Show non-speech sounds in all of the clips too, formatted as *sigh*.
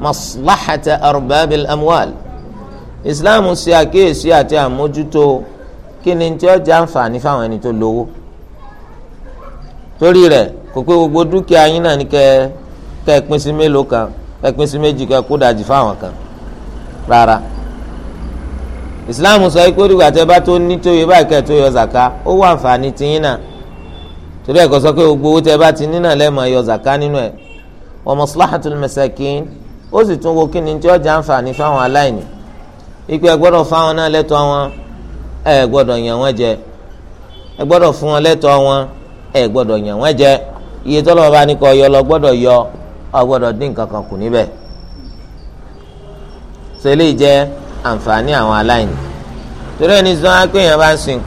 maslahata arbabil amwal islam ṣe àkíyèsí àti àmójútó kí ni tí ó jẹ́ àǹfààní fáwọn ẹni tó lówó torí rẹ̀ kò pé gbogbo dúkìá yín náà ni kẹ́ kẹ́ pín sí mélòó kan kẹ́ pín sí méjì kẹ́ kó dajì fáwọn kan rárá islam sọ pé dùgbà tẹ́ bá tó ní tó yẹ báyìí kẹ́ tó yọ zaka ó wà àǹfààní tiyín náà torí ẹ̀ kò sọ pé gbogbo owó tẹ́ bá ti ní náà lẹ́ẹ̀mọ́ yọ zaka nínú ẹ̀ wa maslahatul masakin ó sì tún wo kí ni tí ọjà àǹfààní fáwọn aláìní ìpè ẹgbọ́dọ̀ fáwọn náà lẹ́tọ̀ọ́ wọn ẹ yàn wọ́n jẹ fún wọn wọn iye tọ́lọ́ bá ní kọ́ yọ lọ gbọ́dọ̀ yọ ọ dín nǹkan kan kù níbẹ̀ jẹ́ àǹfààní àwọn aláìní torí ẹni sọ wá pé èèyàn bá ń sin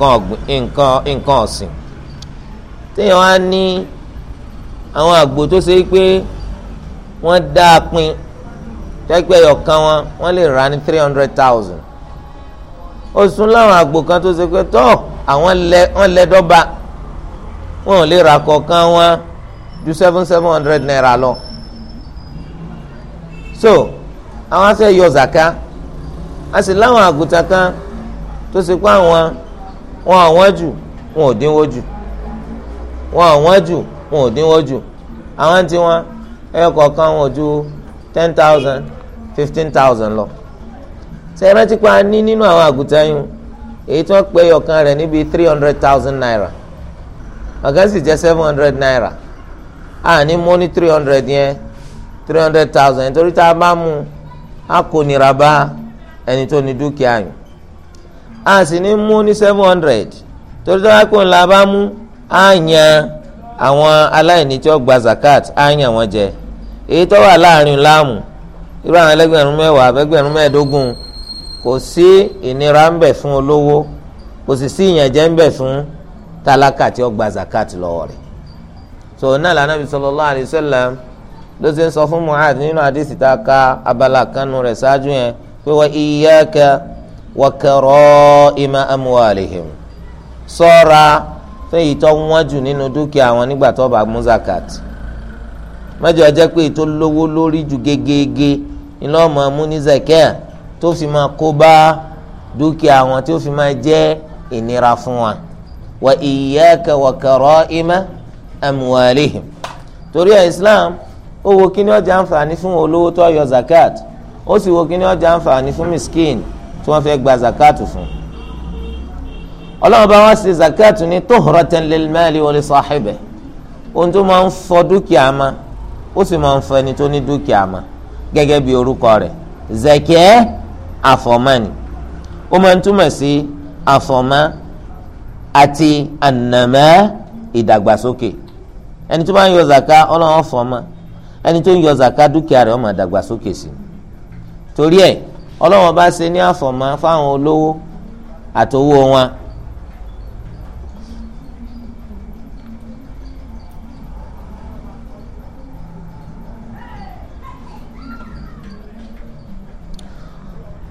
nǹkan ọ̀sìn téèyàn wá wọ́n dá a pin tẹ́gbẹ́ ọ̀kan wọn wọ́n lè rà ní three hundred thousand ó sún láwọn àgbò kan tó ṣe pé tọ́ àwọn lẹ wọ́n lẹ dọ́ba wọn ò lè rà kọ̀ọ̀kan wọn ju seven seven hundred naira lọ so àwọn á fẹ́ yọ zaka á sì láwọn àgùntàn kan tó ṣe pé àwọn wọn àwọn jù wọn ò dínwó jù wọn àwọn jù wọn ò dínwó jù àwọn tí wọn ẹyọ kọ̀ọ̀kan wọn ò ju ten thousand fifteen thousand lọ ṣe é rántí pé a ní nínú àwọn àgùntàn yìí èyí tí wọ́n pe ọ̀kan rẹ̀ níbi three hundred thousand naira ọ̀kan sì jẹ́ seven hundred naira a ní mú ní three hundred yẹn three hundred thousand nítorí tá a bá mú a kò nira bá ẹni tó ní dúkìá yìí a sì ní mú ní seven hundred torí tá a kò nira bá mú a yàn àwọn aláìní tí wọ́n gba zakat a yàn wọ́n jẹ èyí tó wà láàrin láàmù irú àwọn ẹlẹgbẹ̀rún mẹ́wàá ẹgbẹ̀rún mẹ́ẹ̀ẹ́dógún kò sí ìnira ń bẹ fún olówó kò sì sí ìyànjẹ ń bẹ fún tálákà tí ó gba zakat lọ́wọ́ so náà lànà bí sallallahu alaihi ló ti ń sọ fún Mu'adh nínú àdìsí tá a ka abala kanu rẹ̀ ṣáájú yẹn pé ihe iyyaka jù nínú dúkìá wọn nígbà tó bá mú zakat. mẹ́jọ ajá pé ètò lówó lórí ju gegege iná ọmọ amúnizakia tó fi máa kó bá dúkìá wọn tó fi máa jẹ́ ìnira fún wa wa iyyaka wa karaima amwalihim torí ẹ̀ islam ó wo kí ni ọjà àǹfààní fún olówó tó yọ zakat ó sì wo kí ni ọjà àǹfààní fún miskin tí wọ́n fẹ́ gba zakat fún ọlọ́run bá wá sí zakat ní tuhratan lil mali wa ohun tó máa ń fọ dúkìá máa ó sì máa ń fún ẹni tó ní dúkìá mọ́ gẹ́gẹ́ bí orúkọ rẹ̀ zẹ̀kẹ́ àfọ̀mọ́ni ó máa ń túmọ̀ sí àfọ̀mọ́ àti ànàmọ́ ìdàgbàsókè ẹni tó bá ń yọ zaka ẹni tó ń yọ zaka dúkìá sí torí bá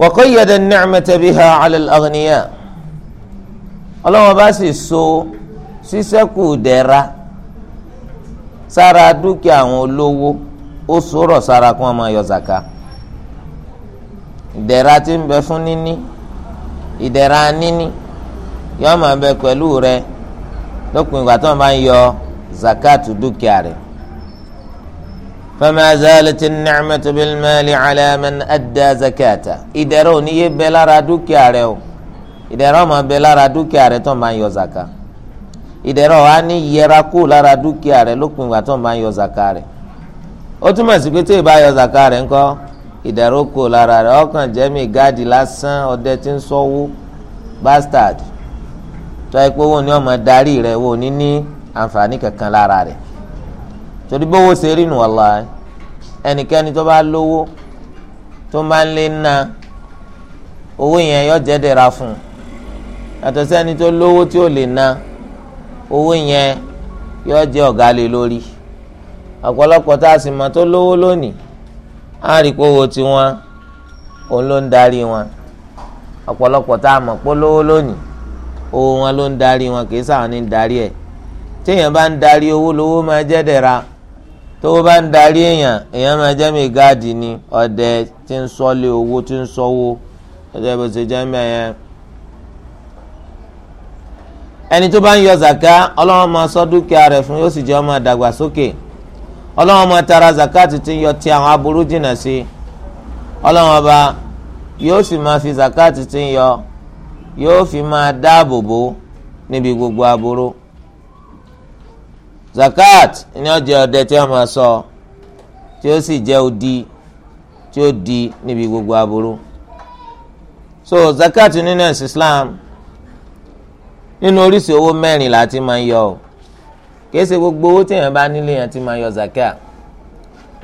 وقيد النعمة بها على الأغنياء ọlọ́wọ́n bá sì so ṣíṣẹ́kù dẹ̀ra sára dúkìá àwọn olówó ó sọ̀rọ̀ sára kí wọ́n máa yọ zaka ìdẹ̀ra tí ń bẹ fún níní ìdẹ̀ra níní yọ́ọ́ máa bẹ pẹ̀lú rẹ lópin ìgbà tí wọ́n bá ń yọ zakatu dúkìá rẹ̀ فما زالت النعمة بالمال على من أدى زكاته ìdẹ̀ra ni yẹ bẹ lára dúkìá rẹ o ìdẹ̀ra máa bẹ lára dúkìá rẹ tó máa ń yọ zaka ìdẹ̀ra wa ní yẹra kó lára dúkìá rẹ lópin ìgbà tó máa ń yọ zaka rẹ ó túmọ̀ sí pé tó ìbá yọ zaka rẹ ńkọ́ ìdẹ̀ra kó lára rẹ ọkàn jẹ́mi gáàdì lásán ọdẹ tí ń sọ́wọ́ bastard tó ẹ pé wọn ni wọn máa darí rẹ wọn ò ní ní àǹfààní kankan lára rẹ. torí bówó ṣe rí nù ọ̀la ẹnikẹ́ni tó bá lówó tó máa ń lé ná owó yẹn yọ jẹ́dẹ̀ra fún yàtọ̀ sẹ́ni tó lówó tí lè owó yẹn yọ jẹ́ ọ̀gá lé lórí ọ̀pọ̀lọpọ̀ tá a sì mọ̀ tó lówó lónìí á rí tiwọn òun ló ń darí wọn ọ̀pọ̀lọpọ̀ tá a mọ̀ lówó lónìí owó wọn ló ń darí o bá ń darí èèyàn èèyàn máa jẹ́ mi gáàdì ni ọ̀dẹ tí ń sọ́lé owó tí ń sọ́wó ọjọ́ ìbò ṣe jẹ́ mẹ́yẹn. ẹni tó bá ń zaka ọlọ́wọ́n máa sọ fún yóò sì jẹ́ tara zaka tuntun yọ ti àwọn aburú sí ọlọ́wọ́n yóò fi zaka tuntun yọ yóò fi máa dáàbò bò níbi zakat ni ó jẹ́ ọdẹ tí wọ́n máa sọ tí ó sì jẹ́ odi tí ó di níbi gbogbo aburú so zakat nínú ẹ̀sìn Islam nínú oríṣi owó mẹ́rin láti máa ń yọ o kìí ṣe gbogbo owó tí èèyàn bá nílé yẹn ti máa yọ zakat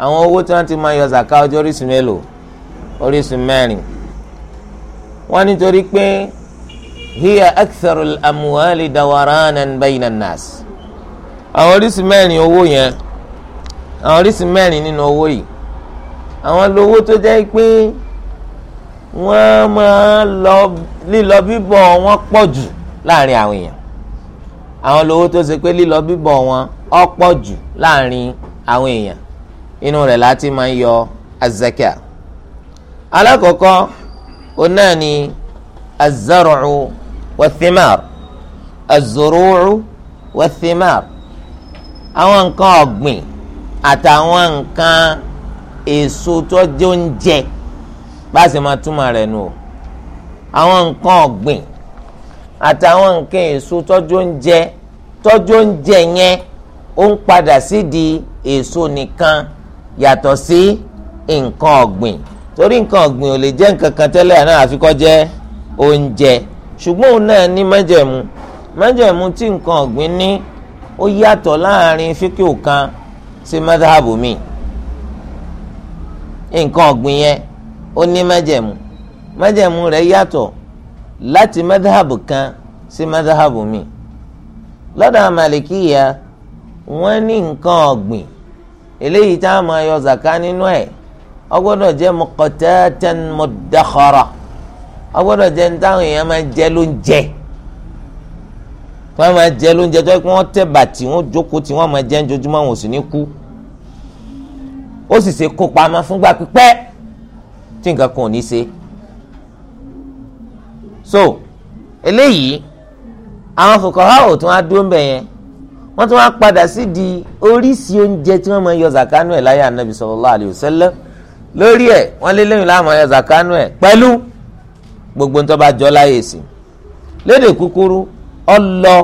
àwọn owó tí wọ́n ti máa yọ zakat ọjọ́ oríṣi mélòó oríṣi mẹ́rin wọ́n nítorí pé hiya aktharul amwali dawaranan bayna nas àwọn oríṣi mẹ́rin owó yẹn àwọn oríṣi mẹ́rin nínú owó yìí àwọn lówó tó jẹ́ pé wọ́n máa lọ lílọ bíbọ̀ wọn pọ̀ jù láàrin àwọn èèyàn àwọn lówó tó ṣe pé lílọ bíbọ̀ wọn ọ̀pọ̀ jù láàrin àwọn èèyàn inú rẹ̀ láti máa ń yọ azakia alákọ̀ọ́kọ́ òun náà ni azaru'u wa thimar azuru'u wa thimar. Az àwọn nǹkan ọ̀gbìn àtàwọn nǹkan èso tó jẹ́ oúnjẹ bá a sì máa túmọ̀ rẹ̀ nù o àwọn nǹkan ọ̀gbìn àtàwọn nǹkan èso tọ́jú oúnjẹ tọ́jú oúnjẹ yẹn ó ń padà sídìí èso nìkan yàtọ̀ sí nǹkan ọ̀gbìn torí nǹkan ọ̀gbìn ò lè jẹ́ nǹkan kan tẹ́lẹ̀ náà àfi kó jẹ́ oúnjẹ ṣùgbọ́n òun náà ní májẹ̀mú májẹ̀mú tí nǹkan ọ̀gbìn ní ó yàtọ̀ láàrin fíkìú kan sí madhabu mi nǹkan ọ̀gbìn yẹn ó ní májẹ̀mú májẹ̀mú rẹ̀ yàtọ̀ láti madhabu kan sí madhabu mi lọ́dọ̀ àmàlìkíyà wọ́n ní nǹkan ọ̀gbìn eléyìí tá a máa yọ zaka nínú ẹ̀ ó gbọ́dọ̀ jẹ́ muqatatan mudakhara ó gbọ́dọ̀ jẹ́ ní táwọn èèyàn máa jẹ ló ń jẹ wọ́n máa jẹ lóúnjẹ tó yẹ kí wọ́n tẹ̀ bàtì wọ́n jókòó tí wọ́n máa jẹ ojoojúmọ́ wọn ò sì ní kú ó sì ṣe kó pamọ́ fúngbà pípẹ́ tí nǹkan kan ò ní ṣe so eléyìí àwọn fòkànhá ò tún á dúró mbẹ yẹn wọ́n tún á padà sí di oríṣi oúnjẹ tí wọ́n máa yọ zakanu ẹ̀ láyé anabi sallallahu alayhi wa sallam lórí ẹ̀ wọ́n lé lẹ́yìn láàmú yọ zakanu ẹ̀ pẹ̀lú gbogbo nítorí bá jọ láyè sí lédè kúkúrú ọlọ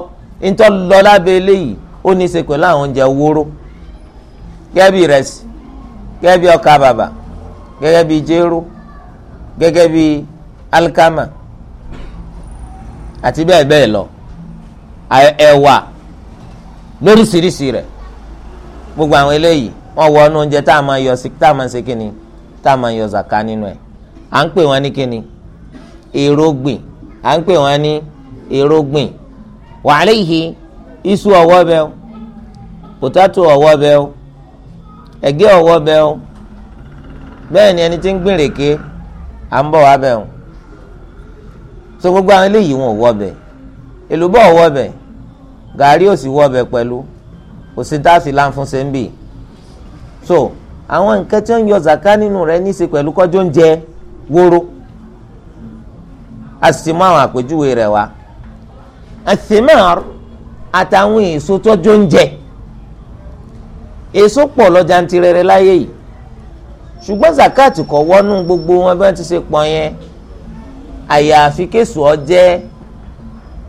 ntọ́ lọ lábẹ́ eléyìí ó ní í ṣe pẹ̀lú àwọn oúnjẹ wóró gẹ́gẹ́ bí ìrẹsì gẹ́gẹ́ bí ọkà bàbà bí jéró alikama àti bẹ́ẹ̀ bẹ́ẹ̀ lọ ẹ̀wà lóríṣiríṣi rẹ̀ gbogbo àwọn eléyìí wọ́n wọ inú oúnjẹ tá a máa yọ sí tá a máa ṣe kíni tá a máa yọ zaka nínú ẹ̀ à ń pè wọ́n ní kíni èrògbìn à ń wa isu iṣu ọ̀wọ́ bẹ́ẹ̀ o potato ọ̀wọ́ bẹ́ẹ̀ o ẹ̀gẹ́ ọ̀wọ́ bẹ́ẹ̀ o bẹ́ẹ̀ ni ẹni tí ń gbìn rèké à ń bọ̀ wá bẹ́ẹ̀ o so gbogbo àwọn eléyìí wọn ò bẹ́ẹ̀ èlùbọ́ ọ̀wọ́ bẹ́ẹ̀ gàrí ò sì wọ́ bẹ́ẹ̀ pẹ̀lú kò sí dáàsì láǹfún ń bì so àwọn nǹkan tí wọ́n ń yọ zaka nínú rẹ̀ ní í ṣe pẹ̀lú kọ́jọ́ ń wóró a sì ti mú àwọn àpèjúwe rẹ̀ wá. Asemar àtàwọn èso tọ́jú oúnjẹ èso pọ̀ lọ́jà ń tirẹrẹ láyé yìí ṣùgbọ́n zakat kò wọ́nú gbogbo wọn bí wọ́n ti ṣe pọ̀ yẹn àyàfi késo ọjẹ́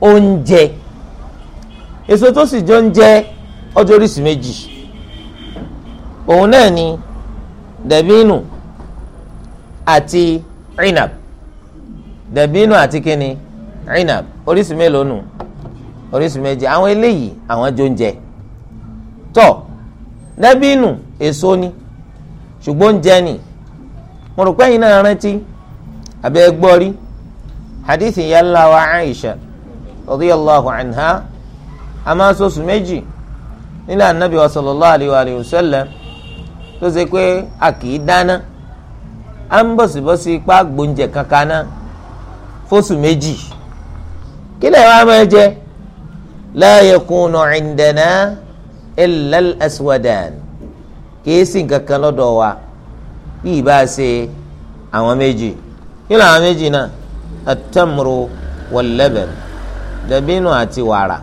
oúnjẹ èso tó sì jọ ń jẹ ọjọ́ oríṣi méjì òun náà ni dàbínù àti inab dàbínù àti kíni inab oríṣi mélòó nù orísun méje àwọn eléyìí àwọn jọ ń jẹ tọ dẹbìnù èso ni ṣùgbọ́n oúnjẹ ni mo rò pé ẹ̀yin náà rántí abẹ́ gbọ́ rí hadith yàrá wa Aisha radiyallahu anha a máa sọ̀sù méjì nílẹ̀ anabi wa sallallahu alayhi wa sallam tó ṣe pé a kì dáná à ń bọ̀sibọ̀si ipá gbóúnjẹ kankan náà fóṣù méjì kí lè máa jẹ la yakunu indana illa al-aswadan kìí sì kankan lọ́dọ̀ wa bí ìbá ṣe àwọn méjì kí ló àwọn méjì náà at-tamru wal-laban dàbínù àti wàrà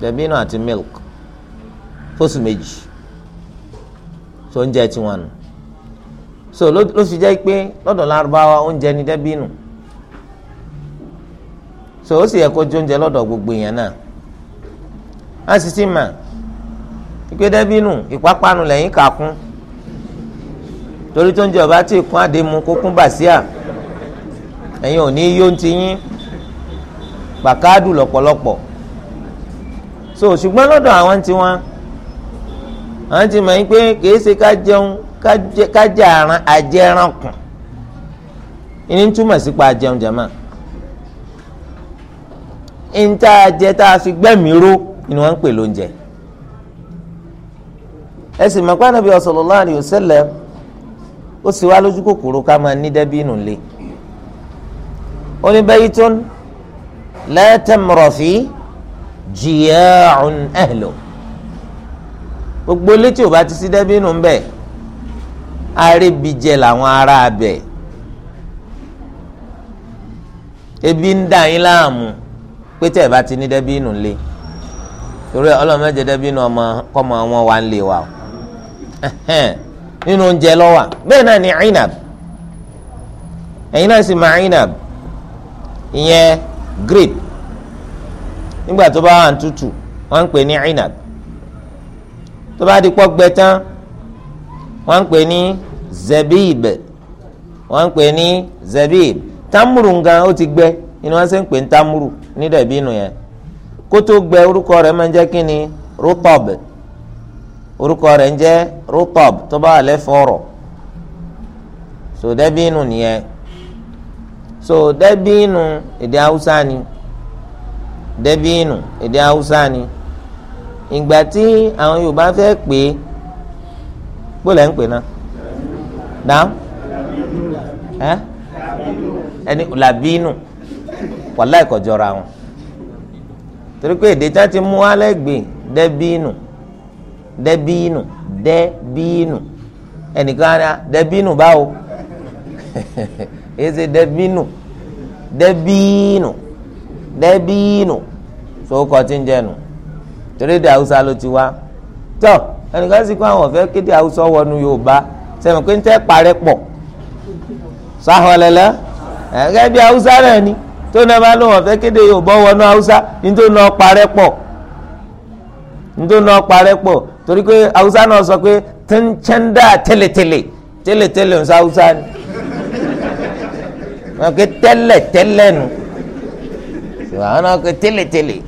dàbínù àti milk fóṣù méjì tó ń jẹ tiwọn nù so ló fi jẹ́ pé lọ́dọ̀ lárúbáwá oúnjẹ ni dàbínù so ó sì yẹ kó jóúnjẹ lọ́dọ̀ gbogbo yẹn náà a sì ti mà ìpè dẹ́bínú ìpápánu lẹ́yìn kàkún torí tó ń jẹ ọba tí ìkún àdému kó kún bàṣíà ẹ̀yin ò ní yóò ti yín gbàkádù lọ́pọ̀lọpọ̀ so ṣùgbọ́n lọ́dọ̀ àwọn tí wọ́n àwọn tí mọ̀ yín pé kìí ṣe ká jẹun ká jẹ àrùn ajẹrankùn ìní túmọ̀ sí pa jẹun jẹ̀mọ́ ìní a jẹ tá a fi gbẹ́mìí ró ni wọ́n ń pè lóúnjẹ ẹ sì mọ̀ pé Ànábì sallallahu alaihi wasallam ó sì wá lójú kòkòrò ká máa ní dàbínù lé ó ní baytun la tamra fi jiya'un ahlu gbogbo létí ò bá ti sí dàbínù ń bẹ arébíjẹ làwọn ará abẹ ebi ń dà yín láàmú pé tẹ̀ bá ti ní dàbínù lé torí ọlọ́run mẹ́jẹ dẹ́bí inú ọmọ kọ́mọ wọn wà ń lè wa o nínú oúnjẹ lọ́wà bẹ́ẹ̀ náà ni inab ẹ̀yin náà sì máa inab ìyẹn grape nígbà tó bá wà ń tutù wọ́n ń pè ní inab tó bá di pọ́ gbẹ tán wọ́n ń pè ní zebib wọ́n ń pè ní zebib tamuru ngan ó ti gbẹ inú wọn sì ń pè ní tamuru ní dẹ̀bí inú yẹn kótó gbẹ orúkọ rẹ̀ máa ń jẹ́ kínni rútọb orúkọ rẹ̀ ń jẹ́ rútọb tó bá alẹ́ fọ̀rọ̀ so dẹ́bínú nìyẹn so dẹ́bínú èdè haúsá ni dẹ́bínú èdè haúsá ni ìgbà tí àwọn yorùbá fẹ́ pè é gbọ́dọ̀ ń pè náà dáhùn ẹ ẹni làbínú wàláì kọjọra wọn torí pé èdè tá ti mú alẹ́ gbè dẹ́bínù dẹ́bínù dẹ́bínù ẹnìkan á ah, dẹ́bínù báwo èsè *laughs* dẹ́bínù dẹ́bínù dẹ́bínù sókò tí ń jẹnu torí èdè haúsá ló ti wá tọ ẹnìkan sì kó àwọn ọ̀fẹ́ kéde haúsá wọnú yorùbá sẹ́nu pé ń tẹ́ parẹ́ pọ̀ sáhọ́lẹ́lẹ́ ẹ̀ gẹ́gẹ́ bí haúsá náà ni tó náà bá lóun ọ̀fẹ́ kéde Yorùbá wọnú Haúsá nítorí náà parẹ́ pọ̀ nítorí náà parẹ́ pọ̀ torí pé Haúsá náà sọ pé tẹ́ńtẹ́ńdà tẹ́lẹ̀tẹ́lẹ̀ tẹ́lẹ̀tẹ́lẹ̀ ń sọ Haúsá ni wọn kẹ tẹ́lẹ̀tẹ́lẹ̀ nu àwọn náà kẹ tẹ́lẹ̀tẹ́lẹ̀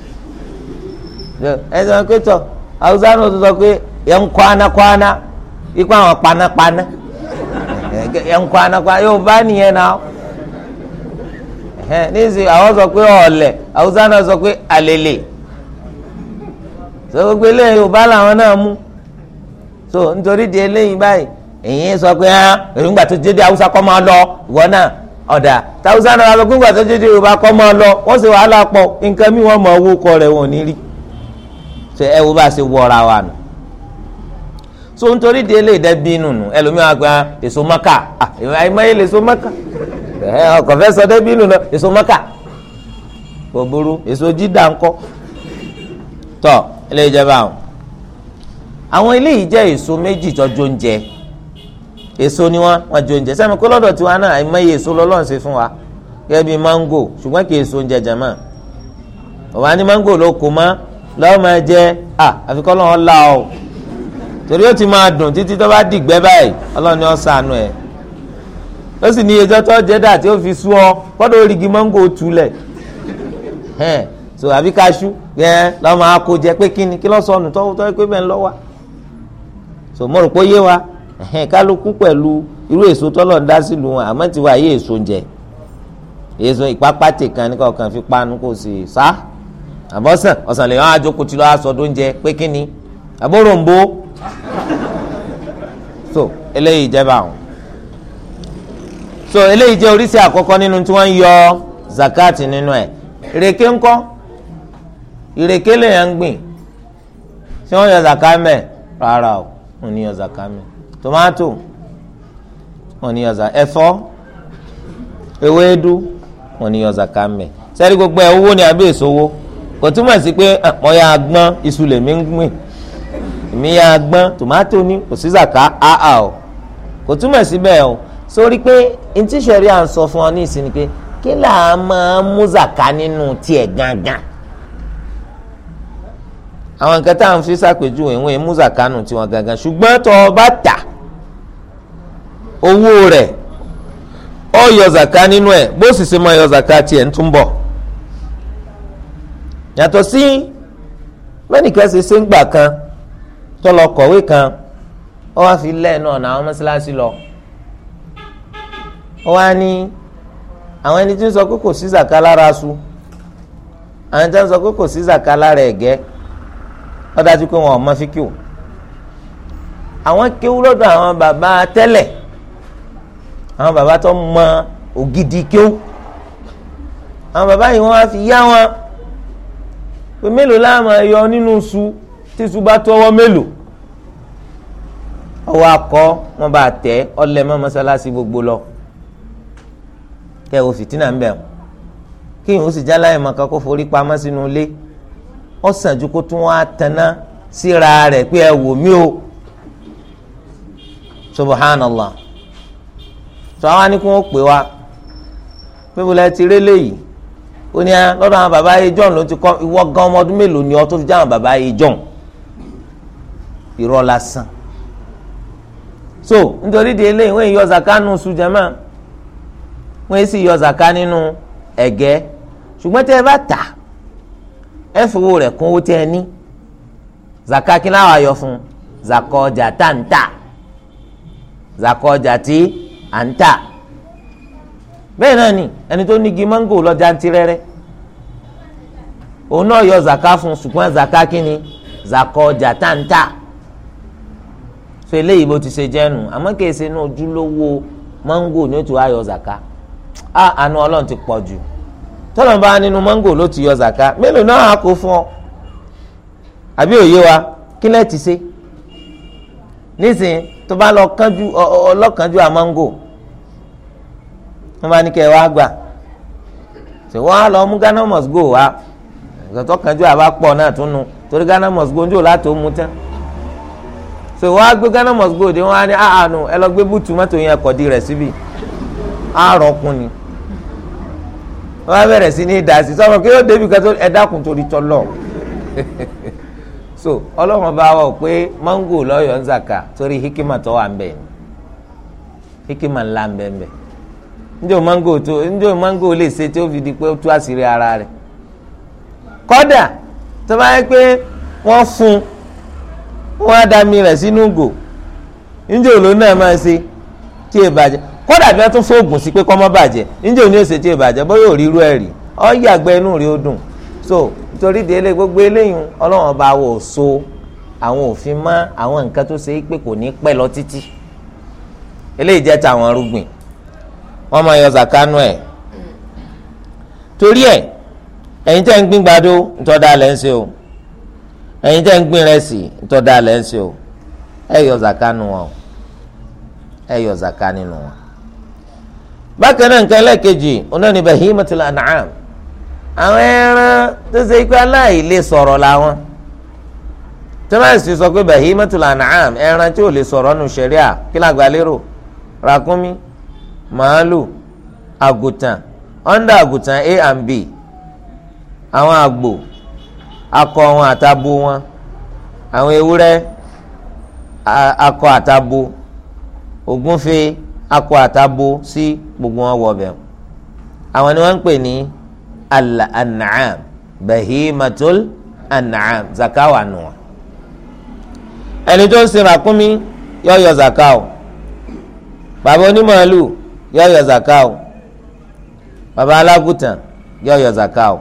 ẹ sọ pé tọ Haúsá náà sọ pé yẹn ń kwana kwana ikú àwọn panápaná yẹn ń kwana kwana Yorùbá nìyẹn náà. ẹ àwọn sọ pé ọ̀lẹ̀ haúsá náà pé àlèlè so gbogbo eléyìí ò náà mú so nítorí di eléyìí báyìí èyí sọ pé hàn èròǹgbà tó jẹ́dẹ́ kọ́ máa náà ọ̀dà táwùsá náà tó yorùbá kọ́ lọ wọ́n sì wàhálà pọ̀ nǹkan mi wọ́n rẹ̀ wọ́n ní rí so ẹ wo bá so nítorí di eléyìí nù ẹ ọkọ fẹ sọ débi ìlú náà èso mọkà kò burú èso jídà ńkọ tọ ilé ìjẹba àwọn àwọn ilé yìí jẹ èso méjì tọjú oúnjẹ èso ni wọn wọn jẹ oúnjẹ sẹmi kó lọ́dọ̀ tiwa náà àìmọye èso lọ́lọ́run ṣe fún wa gẹ́gẹ́ bíi máńgò ṣùgbọ́n kì í èso oúnjẹ jẹmọ ọba ní máńgò ló kó mọ lọ́wọ́ máa jẹ à àfikọ́ lọ́wọ́ la ọ torí ó ti máa dùn títí tó bá dìgbẹ́ báyìí ọlọ́run ni ó ṣàánú ẹ̀ ó sì ní ẹjọ́ tó jẹ́ dà tí ó fi sú ọ kọ́dọ̀ orígi mọ́ngò tulẹ̀ hẹ́n so àbí kaṣú yẹn lọ́mọ akójẹ pé kíni kí lọ́sọ̀nù tọ́wọ́ tọ́wọ́ pé bẹ́ẹ̀ ń lọ́wọ́ so mo rò pé yé wa kálukú pẹ̀lú irú èso tọ́lọ̀ ń dá sílùú wọn àmọ́ tiwa ayé èso jẹ èso ìpápátì kan ní kọ̀ọ̀kan fi panu kò sì sá àbọ̀sàn ọ̀sàn lè yàn àjòkó tí lọ́wọ́ aṣọ tó ń jẹ pé kíni àbóròǹbó so eléyìí jẹba àwọn so eléyìí jẹ́ oríṣi àkọ́kọ́ nínú tí wọ́n ń yọ zakat nínú ẹ̀ ìrèké ńkọ́ ìrèké lèèyàn ń gbìn ṣé wọ́n yọ zakat mẹ́ rárá o wọ́n ní yọ zakat mẹ́ tomato wọ́n ní yọ zakat ẹ̀fọ́ ewédú wọ́n ní yọ zakat mẹ́ sẹ́ni gbogbo ẹ̀ owó ni àbí èso owó kò túmọ̀ sí pé ah, mo yà á gbọ́n iṣu lèmi ń gbìn èmi yà á gbọ́n tomato ni kò sí zakat áà o kò túmọ̀ sí bẹ́ẹ̀ o sórí pé ntí sẹ́rí à ń sọ fún ọ ní ìsinmi pé kí là á máa mú zaka nínú tiẹ̀ gangan àwọn nǹkan tá à ń fi ṣàpèjúwe ìwọ̀n mú zaka nù tiwọn gangan ṣùgbọ́n tó o bá tà owó rẹ̀ ó yọ zaka nínú ẹ̀ bó sì ṣe máa yọ zaka tiẹ̀ ń túnbọ̀ yàtọ̀ sí mẹ́nìkan ṣe ṣe kan tó kọ̀wé kan ó wá fi lẹ́ẹ̀ náà náà mọ́ṣáláṣí lọ wọ́n á ní àwọn ẹni tí ń sọ pé kò sí zaka lára su àwọn ẹni tí ń sọ pé kò sí zaka lára ẹ̀gẹ́ ó dájú pé wọn ò mọ fíkìú àwọn kéwú lọ́dọ̀ àwọn bàbá tẹ́lẹ̀ àwọn bàbá tó mọ ògidì kéwú àwọn bàbá yìí wọ́n á fi yá wọn pé mélòó láàmú ẹyọ nínú su tí su bá tọwọ́ mélòó ọwọ́ akọ wọn bá tẹ ọlẹ́mọ mọ́sálásí gbogbo lọ. kẹ́ ẹ wo fìtínà ń bẹ̀ o kéèyàn ó sì já láì màkà kó forí pamọ́ sínú ilé ó sàn ju kó tún wá tanná síra rẹ̀ pé ẹ wò mí o subhanallah tó àwa pè wá ti rí léyìí ó ní lọ́dọ̀ àwọn bàbá yìí john ló ti kọ́ ìwọ gan ọmọ mélòó ni ọ tó fi já àwọn bàbá yìí john irọ́ lásán so nítorí di eléyìí wọ́n yọ zakanu sujama wọ́n sì yọ zaka nínú ẹ̀gẹ́ ṣùgbọ́n tẹ́ ẹ bá tà ẹ fowó rẹ̀ kún owó tẹ́ ẹ ní zaka kí láwa yọ fún zakọ ọjà tá ń tà zakọ ọjà tí à ń tà bẹ́ẹ̀ náà ni ẹni tó nígi mángò lọ́jà ń tirẹ́rẹ́ òun náà yọ zaka fún ṣùgbọ́n zaka kí ni zakọ ọjà tá ń tà so eléyìí bó ti ṣe jẹ́nu àmọ́ kìí ṣe inú ojúlówó mángò ni ó ti wá yọ zaka. a àánú ọlọ́run ti pọ̀ jù tọ́lọ̀ bá nínú mọ́ngò ló ti yọ zaka mélòó náà a fún ọ àbí òye wa kí lẹ́ẹ̀ ti ṣe nísìnyí tó bá lọ kánjú ọlọ́kánjú àmọ́ngò wọ́n bá ní kẹ́ ẹ wá gbà lọ mú Ghana must go wa ìgbàtọ́ kánjú àbá pọ̀ náà tún nu torí go láti ó tán wọ́n á gbé Ghana must go dé wọ́n á wọ́n á bẹ̀rẹ̀ sí ní ìdásí sọ́kàn kí yóò débi kan tó ẹ dákun torí *laughs* so ọlọ́run bá wọ̀ pé mango lọ́yọ̀ ń torí hikima tó wà ń hikima ńlá mango tó mango lè ṣe tí di pé ó tú ara tó bá yẹ fún á dá mi sínú náà máa kódà bí wọ́n tún fóògùn sí pé kọ́mọ́ bàjẹ́ níjẹ́ òní òsè tí bóyá ò ẹ̀ rí ọ yàgbẹ́ inú rí ó dùn so nítorí délé gbogbo eléyìí ọlọ́run ọba wò so àwọn òfin mọ́ àwọn nǹkan tó ṣe é pé kò ní pẹ́ lọ títí eléyìí jẹ́ tàwọn arúgbìn wọ́n máa yọ zakanu torí ẹ̀ ẹ̀yin tẹ́ ń ntọ́da bákan náà nǹkan ẹlẹ́ẹ̀kejì ọ̀nà ni bahimatul an'am àwọn ẹran tó ṣe pé aláìlè sọ̀rọ̀ làwọn tí wọ́n sì sọ pé bahimatul an'am ẹran tí ò lè sọ̀rọ̀ nù ṣẹ̀ríà kí làgbà lérò ràkúnmí màálù àgùtàn ọ̀ndà àgùtàn a and b àwọn àgbò akọ wọn àtabo wọn àwọn ewúrẹ́ akọ àtabo ògúnfe akọ àtabo sí gbogbo wọn wọ bẹ àwọn ni wọn ń pè ní al-an'am bahimatul an'am zakawa nù wọn ẹni tó ń sin ràkúnmí yọ yọ zakaw bàbá onímọ̀ọ́lù yọ yọ zakaw bàbá alágùtàn yọ yọ zakaw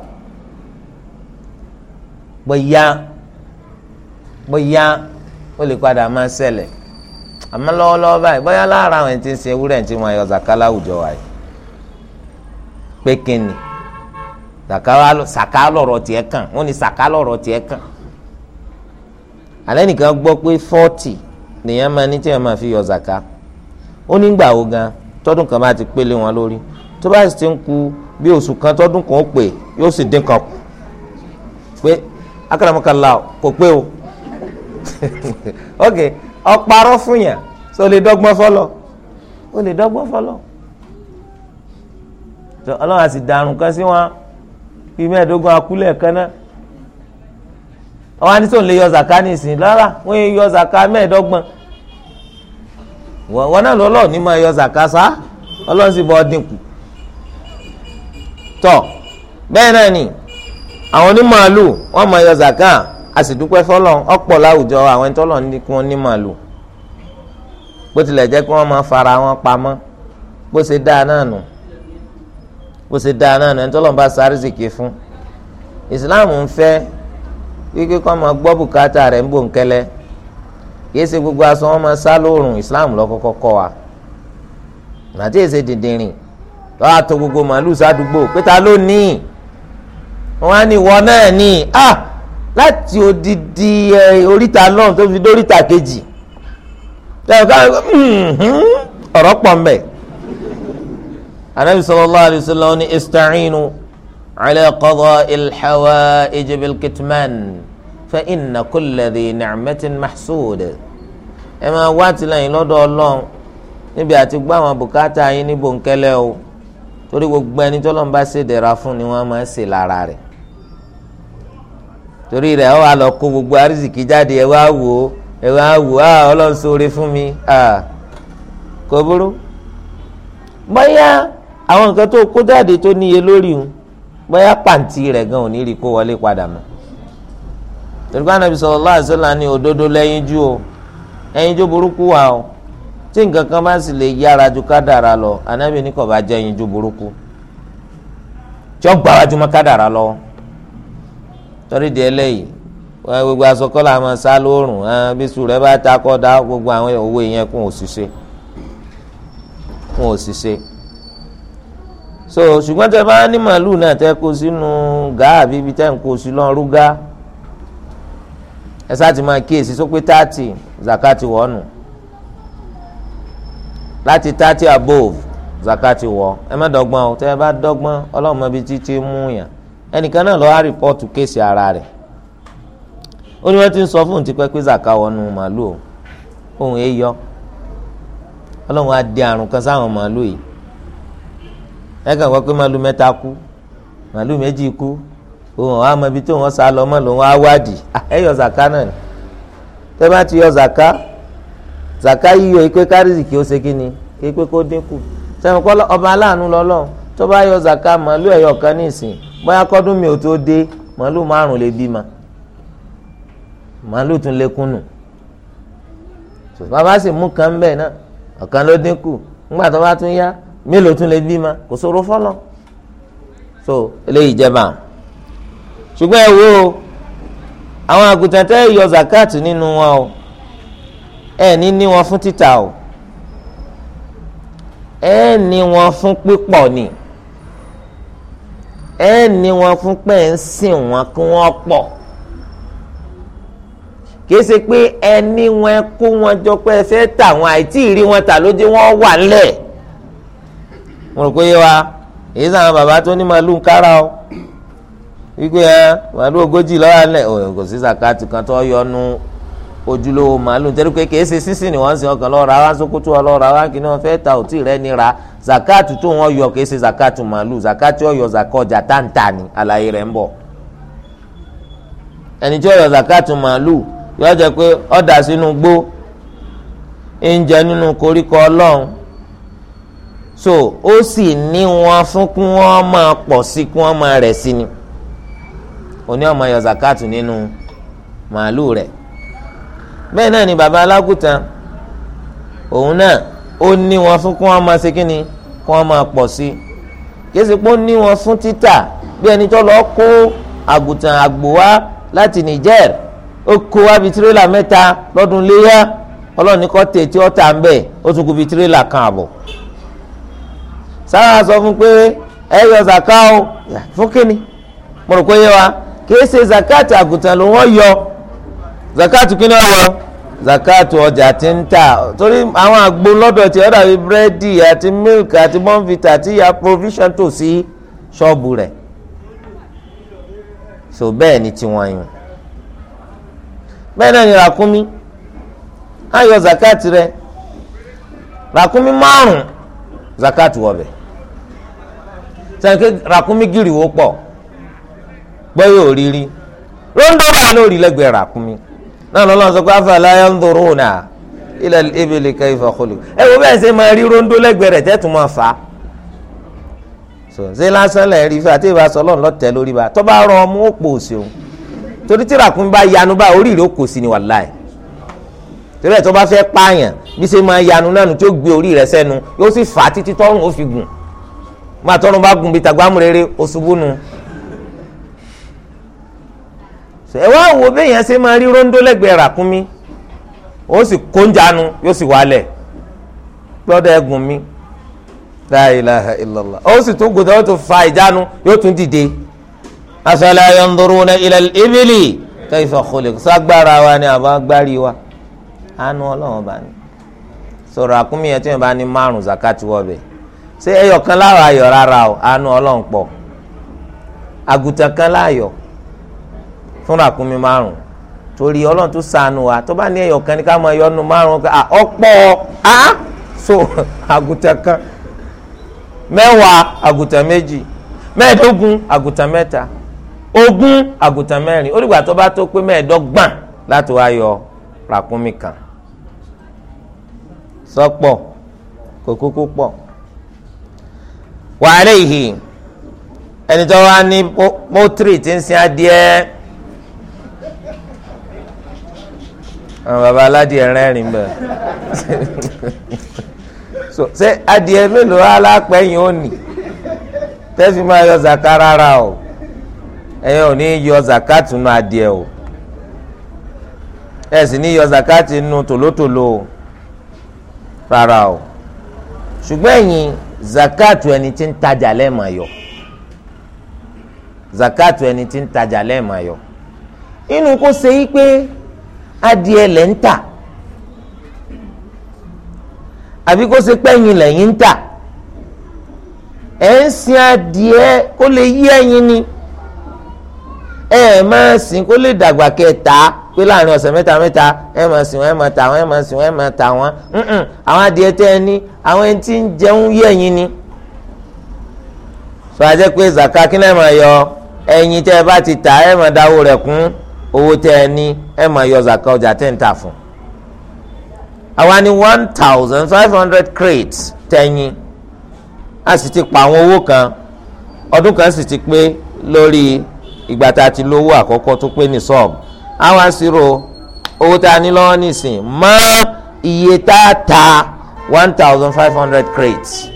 bóyá bóyá ó lè padà máa ṣẹlẹ̀ àmọ́ lọ́wọ́lọ́wọ́ báyìí bóyá lára àwọn tí ń sin ewúrẹ́ tí wọ́n yọ zaka láwùjọ wa yìí pé kíni zaka lọ̀rọ̀ tiẹ̀ kàn wọ́n ni zaka lọ̀rọ̀ tiẹ̀ kàn alẹ́ nìkan gbọ́ pé fọ́ọ̀tì nìyẹn máa ní tí wọ́n máa fi yọ zaka ó nígbà wo gan tọdún kan bá ti pélé wọn lórí tó bá sì ti ń ku bí oṣù kan tọdún kan ó pè yóò sì dín kan kù pé akérèmọkànlá kò pé o. *laughs* ok ọ̀parọ́ fún yàn so lè dọ́gbọ́n fọlọ́ o lè dọ́gbọ́n fọlọ́ tó ọlọ́run àti dàrún kan sí wọn bíi mẹ́ẹ̀ẹ́dógún akúlẹ̀ kan náà àwọn àti tó ń lè yọ zaka ní ìsìn lọ́la wọ́n yẹ yọ zaka mẹ́ẹ̀ẹ́dọ́gbọ̀n wọn náà lọ́lọ́ ní máa yọ zaka sá ọlọ́run sì bọ́ dínkù tọ́ bẹ́ẹ̀ náà ni àwọn onímọ̀ọ́lù wọ́n máa yọ zaka a sì dúpẹ́ fọlọ́n ọ̀pọ̀ láwùjọ àwọn ẹni tọ́lọ̀ ní kí wọ́n ní màlù bó tilẹ̀ jẹ́ kí wọ́n máa fara wọn pamọ́ bó ṣe dáa náà nù bó ṣe dáa náà nù fún Islam ń fẹ́ wípé kọ́ máa gbọ́ bùkátà rẹ̀ ń bò ń kẹ́lẹ́ kìí gbogbo aṣọ wọn máa sá lóòrùn Islam lọ́kọ́kọ́ kọ́ wa nàti èsè dìndìnrìn lọ́wọ́ àtọ gbogbo màálù sádùúgbò pé ta ló ní wọn á ní náà ní ah láti odidi ẹ eh, oríta lọ́n tó fi dóríta kejì hmm, ọ̀rọ̀ pọ̀ mbẹ́ anabi sallallahu alayhi wa sallam ni istaciinu ala qada'il hawa'ij bil kitman fa inna kulla dhi ni'matin mahsud ẹ máa wá tìlẹ́yìn lọ́dọ̀ Ọlọ́run níbi àti gbọ́ àwọn bùkátà yín ní bòńkẹ́lẹ́ o torí gbogbo ẹni tọ́lọ́run bá ṣèdẹ̀ra fún ni wọ́n máa ṣe lára rẹ̀ torí rẹ̀ ọ wà lọ gbogbo arziki jáde ẹ wá wò ó ẹ wá wò ó ah, ọlọ́run fún mi ah, kò burú. bóyá àwọn nǹkan tó kó jáde tó níye lórí o bóyá pàǹtí gan ò ní rí kó wọlé padà o burúkú o tí nǹkan kan bá sì lè yára ju lọ bá jẹ́ torí di eléyìí gbogbo asọkọlọ àwọn sá lóòrùn bí sùrẹ́ bá ta kọ́ da gbogbo àwọn owó yẹn kún òṣìṣẹ́ kún òṣìṣẹ́ so ṣùgbọ́n tẹ bá ní màlúù náà tẹ kó sínú gàá àbí ibi tẹ́ ń kó sí lọ́n rúgá ẹ sáà ti máa kíyèsí sópé táàtì zakati wọ́ọ̀nù láti táàtì above zakati wọ́ ẹ má dọ́gbọ́n o tẹ bá dọ́gbọ́n ọlọ́run mọ ibi títí mú yàn ẹnìkan náà lọ wá rìpọ́ọ̀tù kéèsì ara rẹ̀ ó ní wọ́n ti ń sọ fún un tipẹ́ pé zaka wọnú màálù o òun èèyọ ọlọ́run á di àrùn kan sáwọn màálù yìí ẹ̀ka wọ́n pé màálù mẹ́ta kú màálù méjì kú òun àwọn amọ̀bi tó wọ́n sá lọ́mọ́ lòun á wádìí ẹ yọ zaka náà ni tẹ́ bá ti yọ zaka zaka yíyọ ìpè kárìsìkì ó ṣe kí ni ìpè kó dínkù sẹ́wọ̀n kọ́ ọba aláàánú lọ́lọ́ tó bá yọ zaka màálù ẹ̀yọ kan ní ìsìn bóyá kọ́dún mi ò tó dé màálù márùn lè bímọ màálù tún lékún nù bàbá sì mú kan ń bẹ̀ náà ọ̀kan ló dínkù ńgbà tó bá tún yá mélòó tún lè bímọ kò so eléyìí jẹba ṣùgbọ́n ẹ wo àwọn àgùntàn tẹ́ yọ zakat nínú wọn o ẹ ní ní wọn fún títà o ẹ ní wọn fún pípọ̀ ni. ẹ ní wọn fún pé ń sìn wọn kí wọn pọ̀ kì í ṣe pé ẹ ní wọn kó wọn jọ pé ẹ fẹ́ tà wọn àìtí ìrí wọn tà lójú wọn wà ńlẹ̀ mo rò pé yé wa èyí sàn bàbá tó ní màálù kára o wípé ẹ màálù ogójì lọ́wọ́ ńlẹ̀ kò sí sàkáàtì kan tó yọ nu ojúlówó màálù nítorí pé kìí ṣe sísìn ni wọ́n ń sin ọkàn lọ́ra wá sókótó ọlọ́ra wá kí ni wọ́n fẹ́ ta òtí rẹ nira zakatu tó wọ́n yọ kìí ṣe zakatu màálù zakatu ọ̀yọ̀ zakọ ọjà táǹtà ni àlàyé rẹ̀ ń bọ̀ ẹni tí ọ̀yọ̀ zakatu màálù yọ jẹ́ pé ọ̀dà sínú gbó ń jẹ nínú koríko ọlọ́run so ó sì ní wọn fún kí wọn máa pọ̀ sí kí wọn máa rẹ̀ sí ni òní ọmọ yọ zakatu nínú màálù rẹ̀ bẹ́ẹ̀ náà ni bàbá alágùtàn òun náà ó ní wọn fún kí wọ́n máa ṣe kí ni kí wọ́n máa pọ̀ sí i kìsì pé ó ní wọn fún títà bí ẹni tó lọ kó àgùtàn àgbò wá láti Niger ó kó wá bíi tirẹ́là mẹ́ta lọ́dún léyà ọlọ́run ní kọ́ tètè ọ̀tà ń bẹ̀ ó tún kú bíi tirẹ́là kan àbọ̀ sára sọ fún pé ẹ yọ zaka o fún kíni mo rò pé yẹ wa kìí ṣe zakat ló wọ́n yọ zakatu kí ni ọwọ́ zakatu ọjà ti ń tà torí àwọn àgbo lọ́dọ̀ tí ọ̀dà bíi búrẹ́dì àti mílìkì àti bọ́ǹfìtà àti ya provision tó sí ṣọ́ọ̀bù rẹ̀ so bẹ́ẹ̀ ni tiwọn yìí bẹ́ẹ̀ náà ni ràkúnmí á yọ zakati rẹ̀ ràkúnmí márùn-ún zakati wọ̀bẹ̀ sẹ́ńkẹ́ ràkúnmí gírì wó pọ̀ gbọ́ yóò rírí ròǹdọ́bà náà rí lẹ́gbẹ̀ẹ́ ràkúnmí náà lọ́lọ́ sọ pé afala yanzuruna ila al-ibli kayfa khuliqat ẹ wo bẹ́ẹ̀ ṣe máa rí rondo lẹ́gbẹ̀ẹ́ rẹ̀ tẹ́tù máa fà á so ṣé lásán lẹ̀ rí fẹ́ àti ìbá sọ lọ́n lọ́tẹ̀ lórí ba tọ́ba rọ ọmú ó pò ṣeun torí tí ràkún bá yanu bá orí rẹ̀ ó kò sí ni wàláì torí ẹ̀ tó bá fẹ́ pààyàn bí ṣe máa yanu náà nù tí ó gbé orí rẹ̀ sẹ́nu yóò sì fà á títí tọ́rùn ó fi gùn ẹ wá wo béèyàn ṣe máa rí róńdó lẹ́gbẹ̀ẹ́ ràkúnmí ó sì kóńjánu yóò sì wálẹ̀ gbọ́dọ̀ ẹ̀gùn mi la ilaha illallah ó sì tún gòdò ó tún fa ìjánu yóò tún dìde afala yanzuruna ila al-ibili kayfa khuliqat sagbára wa ni àbá gbárí wa àánú ọlọ́run bá ní sọ̀rọ̀ àkúnmí yẹn tí wọ́n bá ní márùn zakati wọ́ọ̀bẹ̀ ṣé ẹyọ kan láàyò rárá o àánú ọlọ́run pọ̀ àgùntàn kan láàyò fún ràkúnmí márùn torí ọlọ́run tó sànù wa tó bá ní ẹyọ kan ní ká máa márùn á so aguta *laughs* kan Mewa aguta méjì mẹ́ẹ̀ẹ́dógún aguta meta ogún aguta mẹ́rin ó dìgbà tó bá tó pé mẹ́ẹ̀ẹ́dọ́gbọ̀n láti wá yọ ràkúnmí kan sọpọ̀ kò kúkú pọ̀ wàhálà ìhì ẹni tó wá ní pọ́tírì tí ń sin adìẹ. àwọn baba aládìẹ rẹ́rìn bẹ́ẹ̀ so ṣé adìẹ mélòó alápẹ̀yìn ó nì tẹ́sí máa yọ zaka rárá o ẹ̀yin ò ní yọ zaka tunu adìẹ o ẹ̀ sì ní yọ zaka tunu tòlótòló rárá o ṣùgbọ́n ẹ̀yin zakatu ẹni tí ń tajà lẹ́ẹ̀mọ̀ yọ zakatu ẹni tí ń tajà lẹ́ẹ̀mọ̀ yọ inú kó ṣe yí pé adìẹ lẹ̀ ń tà àbí kó ṣe pẹ́yìn lẹ́yìn ń tà ẹ̀ ń sin adìẹ kó lè yí ẹyin ni ẹ máa sìn kó lè dàgbà kẹta pé láàrin ọ̀sẹ̀ mẹ́ta mẹ́ta ẹ máa sìn wọ́n ẹ máa tà wọ́n ẹ máa sìn wọ́n ẹ máa tà wọ́n ǹǹ àwọn adìẹ tẹ́ ẹ ní àwọn ẹni tí ń jẹun yé ẹ̀yin ni. sọ ajẹ́ pé zaka kí náà máa yọ ẹyin tẹ́ ẹ bá ti tà ẹ máa dáwó rẹ̀ kún owó tẹ ẹ ní ẹ máa yọ zaka ọjà tẹ ń tà fún àwa ní one thousand five hundred crates tẹyin a sì ti pa àwọn owó kan ọdún kan sì ti pé lórí ìgbà tá a ti lówó àkọ́kọ́ tó pé ní sọ́ọ̀bù àwa ṣírò owó tá a ní lọ́wọ́ nísìn mọ́ iye tá a ta one thousand five hundred crates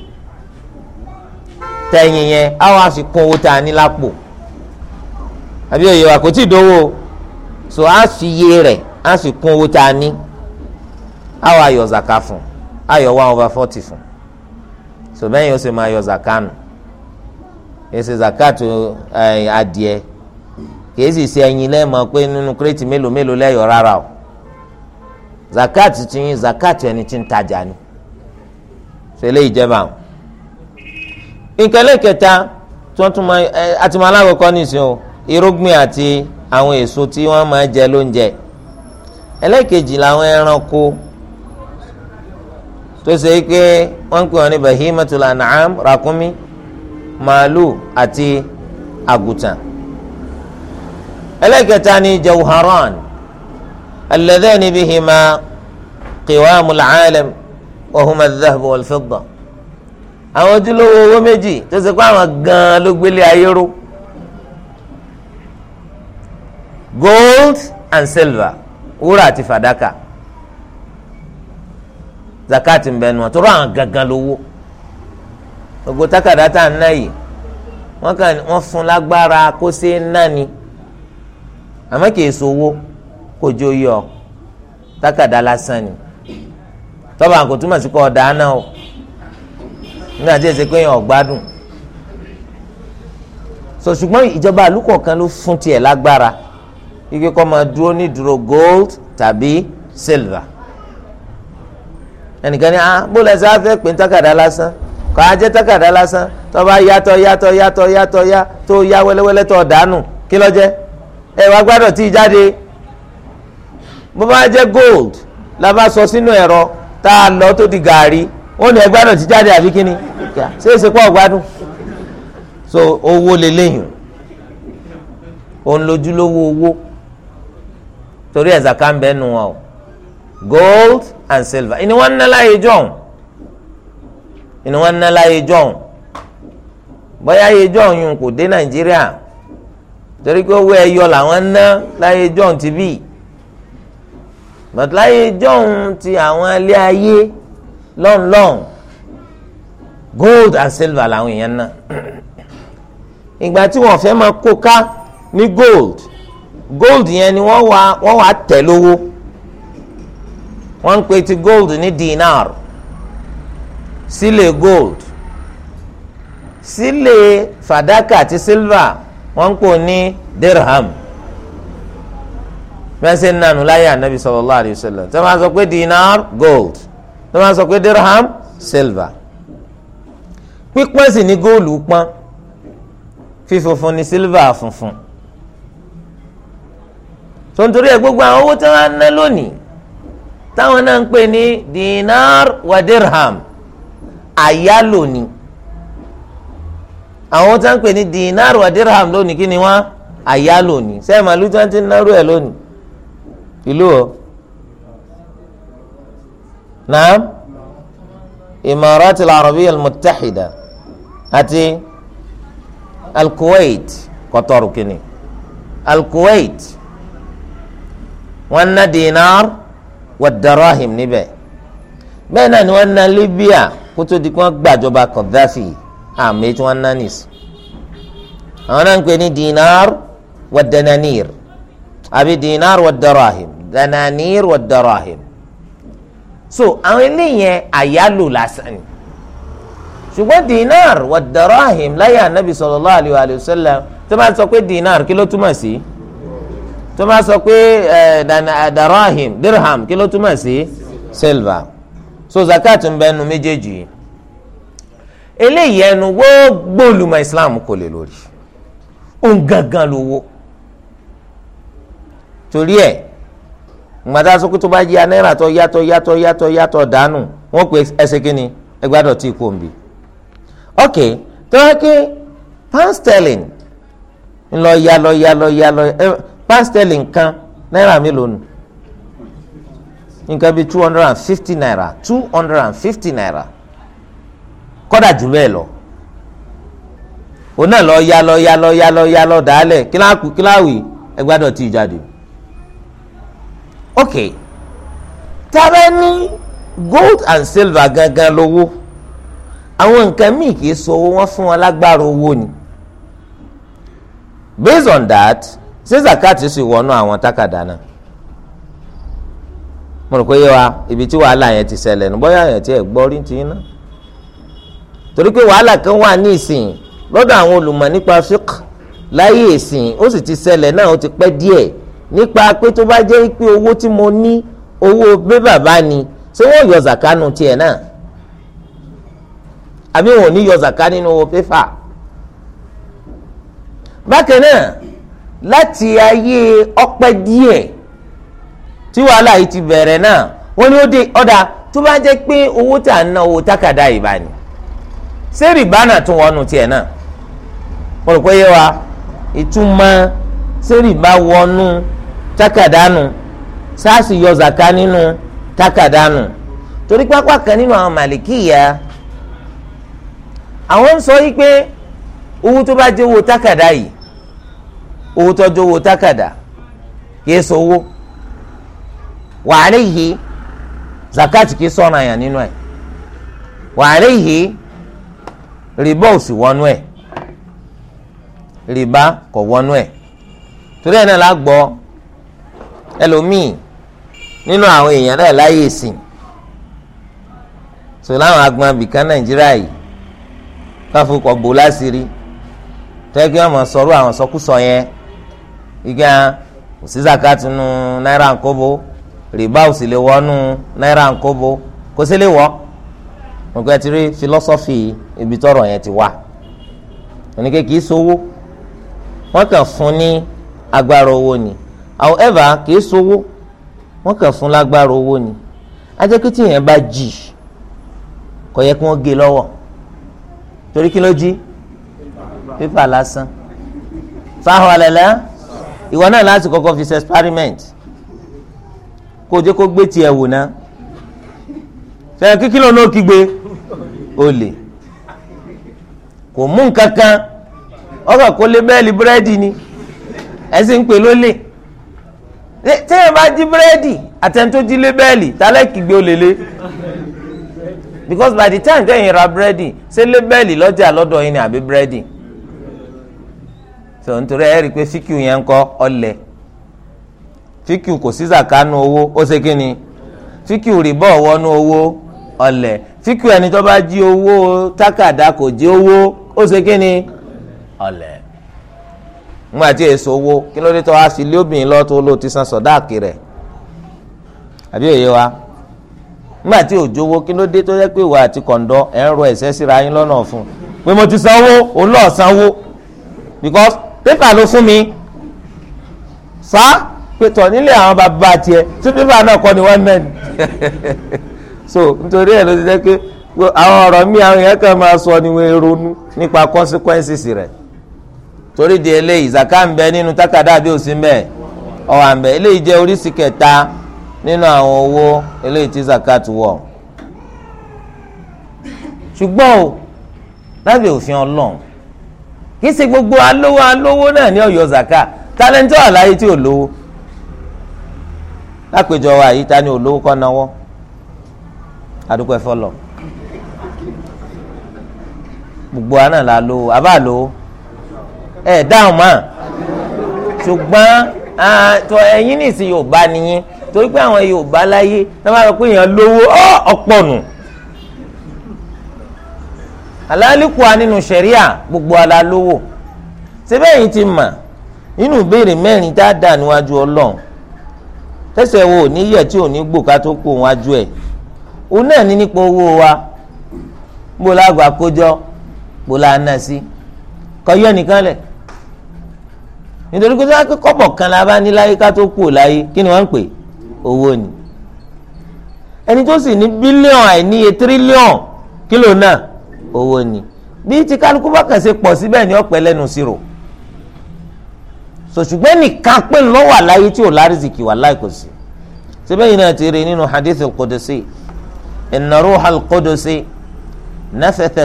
tẹyin yẹn àwa sì kún owó tá a ní lápò àbí òye wa kò tí ì dówó so a fi iye rẹ̀ a sì kún owó tá a ní a wá yọ zaka fún a one over forty fún so bẹ́ẹ̀ yóò ṣe máa yọ zaka nù èsì zakato eh, adìẹ kìí sì ṣe ẹyin lẹ́ẹ̀mọ́ pé nínú kírètì mélòó mélòó lẹ́yọ̀ rárá o zakati ti yin zakati ẹni tí ń tajà ni ṣẹlẹ̀ ìjẹba o nkẹlẹ kẹta tí wọn tún máa ẹ eh, àti máa nìsín o irúgbìn àti àwọn èso tí wọ́n máa jẹ lóúnjẹ ẹlẹ́ẹ̀kejì làwọn ẹranko tó ṣe é pé wọ́n ń pè wọ́n ní bahimatul an'am ràkúnmí màálù àti àgùtàn ẹlẹ́ẹ̀kẹta ni jawharan alladhani bihima qiwamul alam wa huma adh-dhahabu àwọn ojúlówó owó méjì tó ṣe pé àwọn gan-an ló gbélé ayé ró. gold and silver wúrà àti fàdákà zakati ń bẹ nu wọn tó rọ àwọn gangan lówó gbogbo takàdá tá à ń ná yìí wọn kàn wọn fún lágbára kó ṣe ń ná kì í sowó kó jó yọ takàdá lásán ni tọ́ba kò túmọ̀ sí kọ́ ọ̀dà náà o nígbà tí èsì pé yẹn ọ̀gbádùn so ṣùgbọ́n ìjọba àlùkò kan ló fún tiẹ̀ lágbára ike kọ́ máa dúró ní dúró gold tàbí silver ẹnìkan ní ah bó lẹsẹ afẹ pé takàdá lásán kọ ajẹ takàdá lásán tó bá yàtọ̀ yàtọ̀ yàtọ̀ yàtọ̀ yá tó yá wẹ́lẹ́wẹ́lẹ́ tó dànù kí ló jẹ́ ẹ wá gbádùn tí jáde bó bá jẹ́ gold la bá sọ sínú ẹ̀rọ tá a lọ tó di gàárì ó ní ẹ gbádùn tí jáde àbí kíni ṣé èsì pọ̀ gbádùn so owó lélẹ́yìn òun lójúlówó owó torí ẹ̀ zaka ń bẹ nu wọn o gold and silver ìní wọn ń ná láyé jọ̀hún ìní wọn ń ná láyé jọ̀hún bóyá yé jọ̀hún yìí kò dé nàìjíríà torí pé owó ẹyọ làwọn ń ná láyé jọ̀hún ti bí but láyé jọ̀hún ti àwọn ilé ayé lọ́nlọ́n gold and silver làwọn èèyàn ná *clears throat* ìgbà tí wọ́n fẹ́ máa kó ká ní gold gold yẹn ni wọ́n wá wọ́n wá tẹ̀ lówó wọ́n ń pè ti gold ní dinar sílè gold sílè fàdákà àti silver wọ́n ń pò ní dirham fẹsẹ̀ nànú láyé ànábi sallallahu alayhi wa sallam tó máa sọ pé dinar gold tó máa sọ pé dirham silver pípọ́n sì ni góòlù pọ́n fífunfun ni silver funfun tó ń torí ẹ̀ gbogbo àwọn owó tí wọ́n á ná lónìí táwọn náà ń pè ní dinar wa dirham àyálò ni àwọn tí wọ́n ń pè ní dinar wa dirham lónìí kí ni wọ́n àyálò ni sẹ́yìn màálù tí wọ́n ti ń náró ẹ̀ lónìí ìlú o naam imarati al-arabiya àti al kọtọrù kìíní al-kuwait. al wọ́n ná dinar wà darahim níbẹ̀ bẹ́ẹ̀ náà ni wọ́n ná Libya kó tó di kí wọ́n gbàjọba Gaddafi àmì tí wọ́n ná nìsí àwọn náà ń pè ní dinar wà dananir àbí dinar wà darahim dananir wà darahim so àwọn eléyẹn àyálò lásán ni ṣùgbọ́n dinar wà darahim láyé ànábì sallallahu alayhi wa sallam tó máa sọ pé dinar kí ló túmọ̀ sí. Si? tó bá sọ pé ẹ eh, eh, darahim dirham kí ló túmọ̀ sí silva so zakat ń bẹnu méjèèjì eléyìí ẹnu gbogbo olùmọ̀ islam kò lè lórí òun gangan torí ẹ gbàdá sọkú tó bá yá náírà tó yàtọ̀ yàtọ̀ yàtọ̀ yàtọ̀ dànù wọn pe kínní tí kò ń ya ya ya lọ Pastel nǹkan náírà mélòó nù nǹkan bíi two hundred and fifty naira two hundred and fifty naira kọ́dà jù bẹ́ẹ̀ lọ òun náà lọ ya lọ ya lọ ya lọ ya lọ dàálẹ̀ kíláàkù kíláàwì ẹgbàdàn tí ì jáde ok tábẹ́ ní gold and silver gangan lówó àwọn nǹkan míì kì í sọ owó wọn fún wọn lágbára owó ni based on that ṣé zakat sì wọnú àwọn tákàdá náà mo rò pé yé wa ibi tí wàhálà yẹn ti ṣẹlẹ̀ ní bóyá yẹn ti ẹ̀ gbọ́ rí ti iná torí pé wàhálà kan wà ní ìsìn lọ́dọ̀ àwọn olùmọ̀ nípa fiqh láyé ìsìn ó sì ti ṣẹlẹ̀ náà ó ti pẹ́ díẹ̀ nípa pé tó bá jẹ́ pé owó tí mo ní owó bẹ́ bàbá ni ṣé wọ́n yọ zaka nu tiẹ̀ náà àbí wọn ò ní yọ zaka nínú owó pépà bákan náà láti ayé ọpẹ́ díẹ̀ tí wàhálà yìí ti bẹ̀rẹ̀ náà wọ́n ní ó dé ọ̀dà tó bá jẹ́ pé owó tà ń ná owó tákàdá ìbá ni ṣé rìbá náà tún wọnú tiẹ̀ náà mo rò pé yé wa ìtumọ̀ ṣé rìbá wọnú tákàdá nù sars yọ zaka nínú tákàdá nù torí pápá kan nínú àwọn màlìkìyà àwọn ń sọ yí pé owó tó bá jẹ́ owó tákàdá yìí owó tọ́jú owó tákàdá kìí sowó wa alayhi zakat kìí sọ̀ràn yàn nínú ẹ̀ wa alayhi rìbá ò sì wọnú ẹ̀ rìbá kò wọnú ẹ̀ torí ẹ̀ náà la gbọ́ ẹlòmíì nínú àwọn èèyàn náà láyè sìn so láwọn agbọn abìkan nàìjíríà yìí káfíńkọ̀ bò láṣìírí tẹ́gbẹ́ ọmọ sọ̀rọ̀ àwọn sọkúsọ yẹn ìgbà kò sí zakati nu náírà nkóbo rìbá ò sì lè wọ́ nu náírà nkóbo kò sí lè wọ́ nǹkan ẹ ti rí fílọ́sọ́fì ibi tọrọ yẹn ti wá oníke kìí sowó wọ́n kàn fún ní agbára owó ni however kìí sowó wọ́n kàn fún lágbára owó ni ajẹ́kítì yẹn bá jì kò yẹ kí wọ́n gé lọ́wọ́ torí kí ló jí pépà lásán fáwọn àlẹ́lẹ́ ìwọ náà láti kọ́kọ́ fi ṣe experiment kó o jẹ́ kó gbé tiẹ̀ wò ná fẹ́ kíkí lónà ó kígbe olè kò mú nǹkan kan ọkọ̀ kó lé bẹ́ẹ̀lì búrẹ́dì ni ẹ sì ń pè lólè téèyàn bá jí búrẹ́dì àtẹnudójí lé bẹ́ẹ̀lì tálẹ́ kígbe olè lé because by the time téèyàn ra búrẹ́dì ṣé lé bẹ́ẹ̀lì lọ́jà lọ́dọ̀ yín ni àbí búrẹ́dì. so nítorí ẹ rí i pé fíkìú yẹn ń kọ kò sí zakanu owó ó ṣe kí ni fíkìú rìbọ̀ wọnú owó ọlẹ̀ fíkìú ẹni tó bá jí owó tákàdá kò jí owó ó ṣe kí ni èso owó kí ló dé tó san àbí wa ńgbà tí òjò owó kí ló dé tó yẹ pé ìwà àti sanwó òun sanwó pépà ló fún mi sá nílé àwọn bàbá tiẹ̀ tí pépà náà ni wọ́n *laughs* so nítorí ẹ ló ti jẹ́ pé àwọn mi àwọn máa sọ ni nípa consequences rẹ torí di eléyìí zaka ń nínú ń bẹ ń bẹ o kì í ṣe gbogbo alówó alówó náà ní ọ̀yọ́ zaka talẹ́ńtọ́ àlàyé tí ò lówó lápèjọ wa ta ni ò lówó kọ́ náwó lọ gbogbo wa náà la lówó àbá lówó ẹ dáhùn mọ́ ṣùgbọ́n àtọ ẹ̀yìn nìsín Yorùbá nìyí torí pé àwọn Yorùbá láyé náà máa rọ pé èèyàn lówó ọ̀pọ̀ nù. alálìkùá nínú sẹ̀ríà gbogbo ala lówó síbẹ̀ yìí ti mà nínú ìbéèrè mẹ́rin tá a dà níwájú ọlọ́run tẹ́sẹ̀ wo ò ní yẹ̀ tí ò ní gbò ká tó kó wájú ẹ̀ òun náà ní nípa owó wa bó la gbà kójọ bó la ná sí kọ́ yọ nìkan lẹ̀ nítorí pé sáà kọ́bọ̀ kan la bá ní láyé ká tó kú láyé kí ni wọ́n ń pè owó ni ẹni tó sì ní bílíọ̀n àìníye tírílíọ̀n kílò náà owó ni bí ti kálukú bá kàn ṣe pọ̀ síbẹ̀ ni ọ̀pẹ lẹ́nu ṣírò sòṣùgbọ́n nìkan pé lọ́wọ́ àláyé tí ò lárísìkì wà láì kò sí síbẹ̀ yìí náà ti rí nínú hadith al-qudusi inna ruha al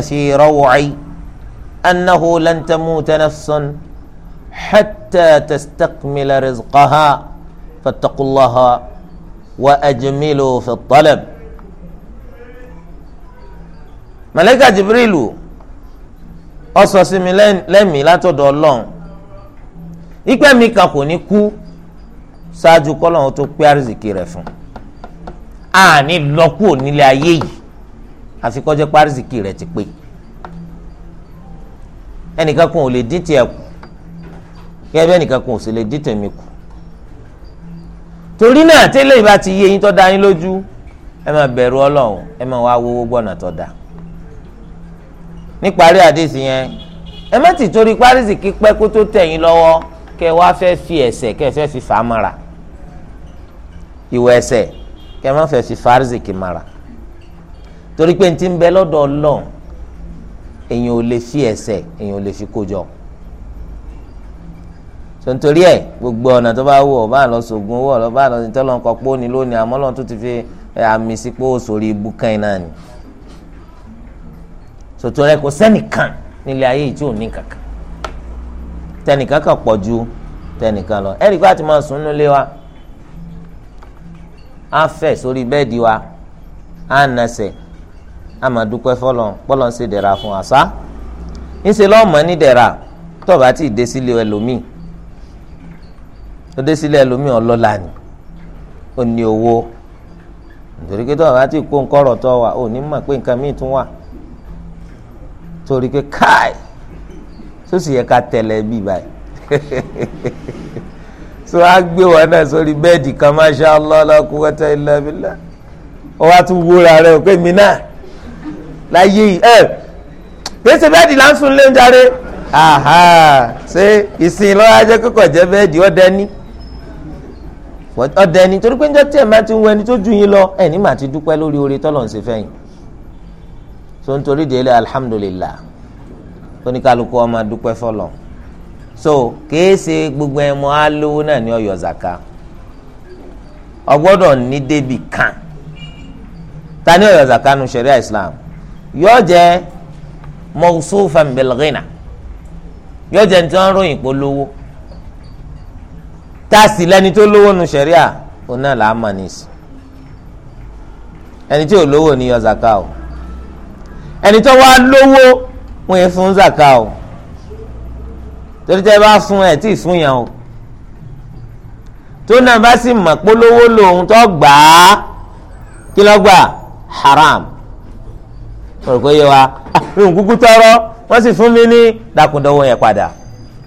fi raw'i annahu lan tamuta nafsun hatta tastaqmila rizqaha wa ajmilu fi màlẹ́kà jibrilu ó sọ sí mi lẹ́mìí látọ̀dọ̀ ọlọ́run ìpẹ́ mi kan kò ní kú ṣáájú kọ́lọ́run tó pé àrísìkí rẹ̀ fún àní lọ́kù onílé ayé yìí àfi kó jẹ́ pé àrísìkí rẹ̀ ti pé ẹnìkan kan ò lè dín tiẹ̀ kù gẹ́gẹ́ bí ẹnìkan kan ò sì lè dín tèmi kù torí náà tẹ́lẹ̀ ìbá ti yé yín tó dá yín lójú ẹ máa bẹ̀rù ọlọ́run ẹ máa wá wọ́wọ́ gbọ́nà tó dáa níparí àdìsí yẹn ẹ má ti torí párìsì kípẹ́ kó tó tẹ̀yìn lọ́wọ́ kẹ wá fẹ́ fi ẹ̀ṣẹ̀ kẹ fẹ́ fi fà á mara ìwẹ̀ ẹ̀ṣẹ̀ kẹ má fẹ́ fi fárìsì kì mara torí pé n ti ń bẹ lọ́dọ̀ Ọlọ́run èèyàn ò lè fi ẹ̀ṣẹ̀ èèyàn ò lè fi kó jọ sontori ẹ gbogbo ọ̀nà tó bá wù ọ́ bá lọ sògùn owó ọ̀ lọ́ bá lọ sí tọ́lọ́ nǹkan pọ́ni lónìí àmọ́ lọ́n tó ti fi àmì sípò sórí ibùkàn náà ni sòtò rẹ kò sẹ́nìkan nílé ayé yìí tí ò ní kankan tẹnìkan kan pọ̀ ju tẹnìkan lọ ẹ̀rí kó àti máa sùn nílé wa á fẹ̀ sórí bẹ́ẹ̀dì wa á nàṣẹ̀ á máa dúpẹ́ fọlọ́ pọ́lọ́ ń ṣe dẹ̀ra fún àṣà ńṣe lọ́mọ ní dẹ̀ra tó ti dé sílé ẹlòmíì tó dé sílé ẹlòmíì ọlọ́lá ni ó ní owó nítorí pé tó ti kó nǹkan ọ̀rọ̀ tó wà ó ní mọ̀ pé nǹkan míì tún wà tó rí i pé káì tó sì yẹ ká tẹ̀lé bí báyìí *laughs* so a gbé wọn náà sórí bẹ́ẹ̀dì kan masha Allah la quwwata illa billah ó wá tún wúra rẹ̀ pé mi náà láyé yìí ẹ pèsè bẹ́ẹ̀dì là ń sùn lé ń darí ṣé ìsìn lọ́wọ́ ajẹ́ kọ́kọ́ jẹ́ bẹ́ẹ̀dì ọ̀dẹ́ ní ọ̀dẹ́ ní torí pé ń jẹ́ tí ẹ̀ máa ti ń wọ ẹni tó ju yín lọ ẹ̀ ní màá ti dúpẹ́ lórí oore tọ́lọ̀ ń ṣe fẹ́yìn so nítorí délé alhamdulillah oníkálukú ọmọ dúpẹ́ fọlọ́ so kéèsè gbogbo ẹmọ alówó náà ní ọyọ zaka ọgbọ́dọ̀ ní débì kan ta ní ọyọ zaka nu sharia islam yóò jẹ mawsufan bil ghina yóò jẹ nítorí wọn ròyìn polówó tá a sì lẹni tó lówó nu sharia òun náà là á mọ̀ nísì ẹni tí ò ní ọyọ zaka o ẹni tó wá lówó wọn yẹn fún zaka o torí tẹ́ bá fún ẹ tí ì fún yàn o tó náà bá sì mọ̀ polówó lòun tó gbà á kí ló gbà haram wọ́n rò pé yẹ wa *laughs* ohun kúkú tọrọ wọ́n sì fún mi ní dàkúndọ́wọ́ yẹn padà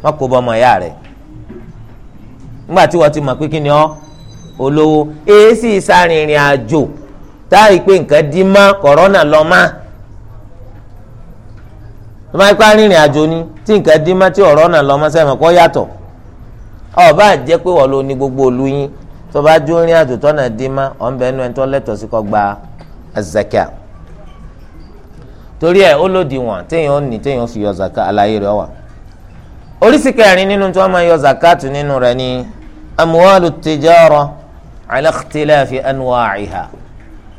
wọ́n kó bọ́ ọmọ ìyá rẹ̀ nígbà tí wọ́n ti mọ̀ pé kí ni ọ́ olówó èé sì sárìnrìn àjò táà pé nǹkan dín mọ́ kọ̀rọ́nà lọ́ọ́ máa tó máa pa rìnrìn àjò ni tí nǹkan dín má tí ọ̀rọ̀ náà lọ mọ́ sẹ́wọ̀n kọ́ yàtọ̀ ọ̀ bá jẹ́ pé wọ́n lo ní gbogbo òlu yín tó bá jó rìn àjò tọ́nà dín má ọ̀ ń bẹ́ẹ̀ nu ẹni tó lẹ́tọ̀ọ́ sí kó gba azaka torí ẹ̀ ó lòdì wọn téèyàn ó ní téèyàn fi yọ zaka àlàyé rẹ̀ wà oríṣi kẹrin nínú tí wọ́n máa yọ zakatu nínú rẹ̀ ni amuwalu tijara ala ikhtilafi anwa'iha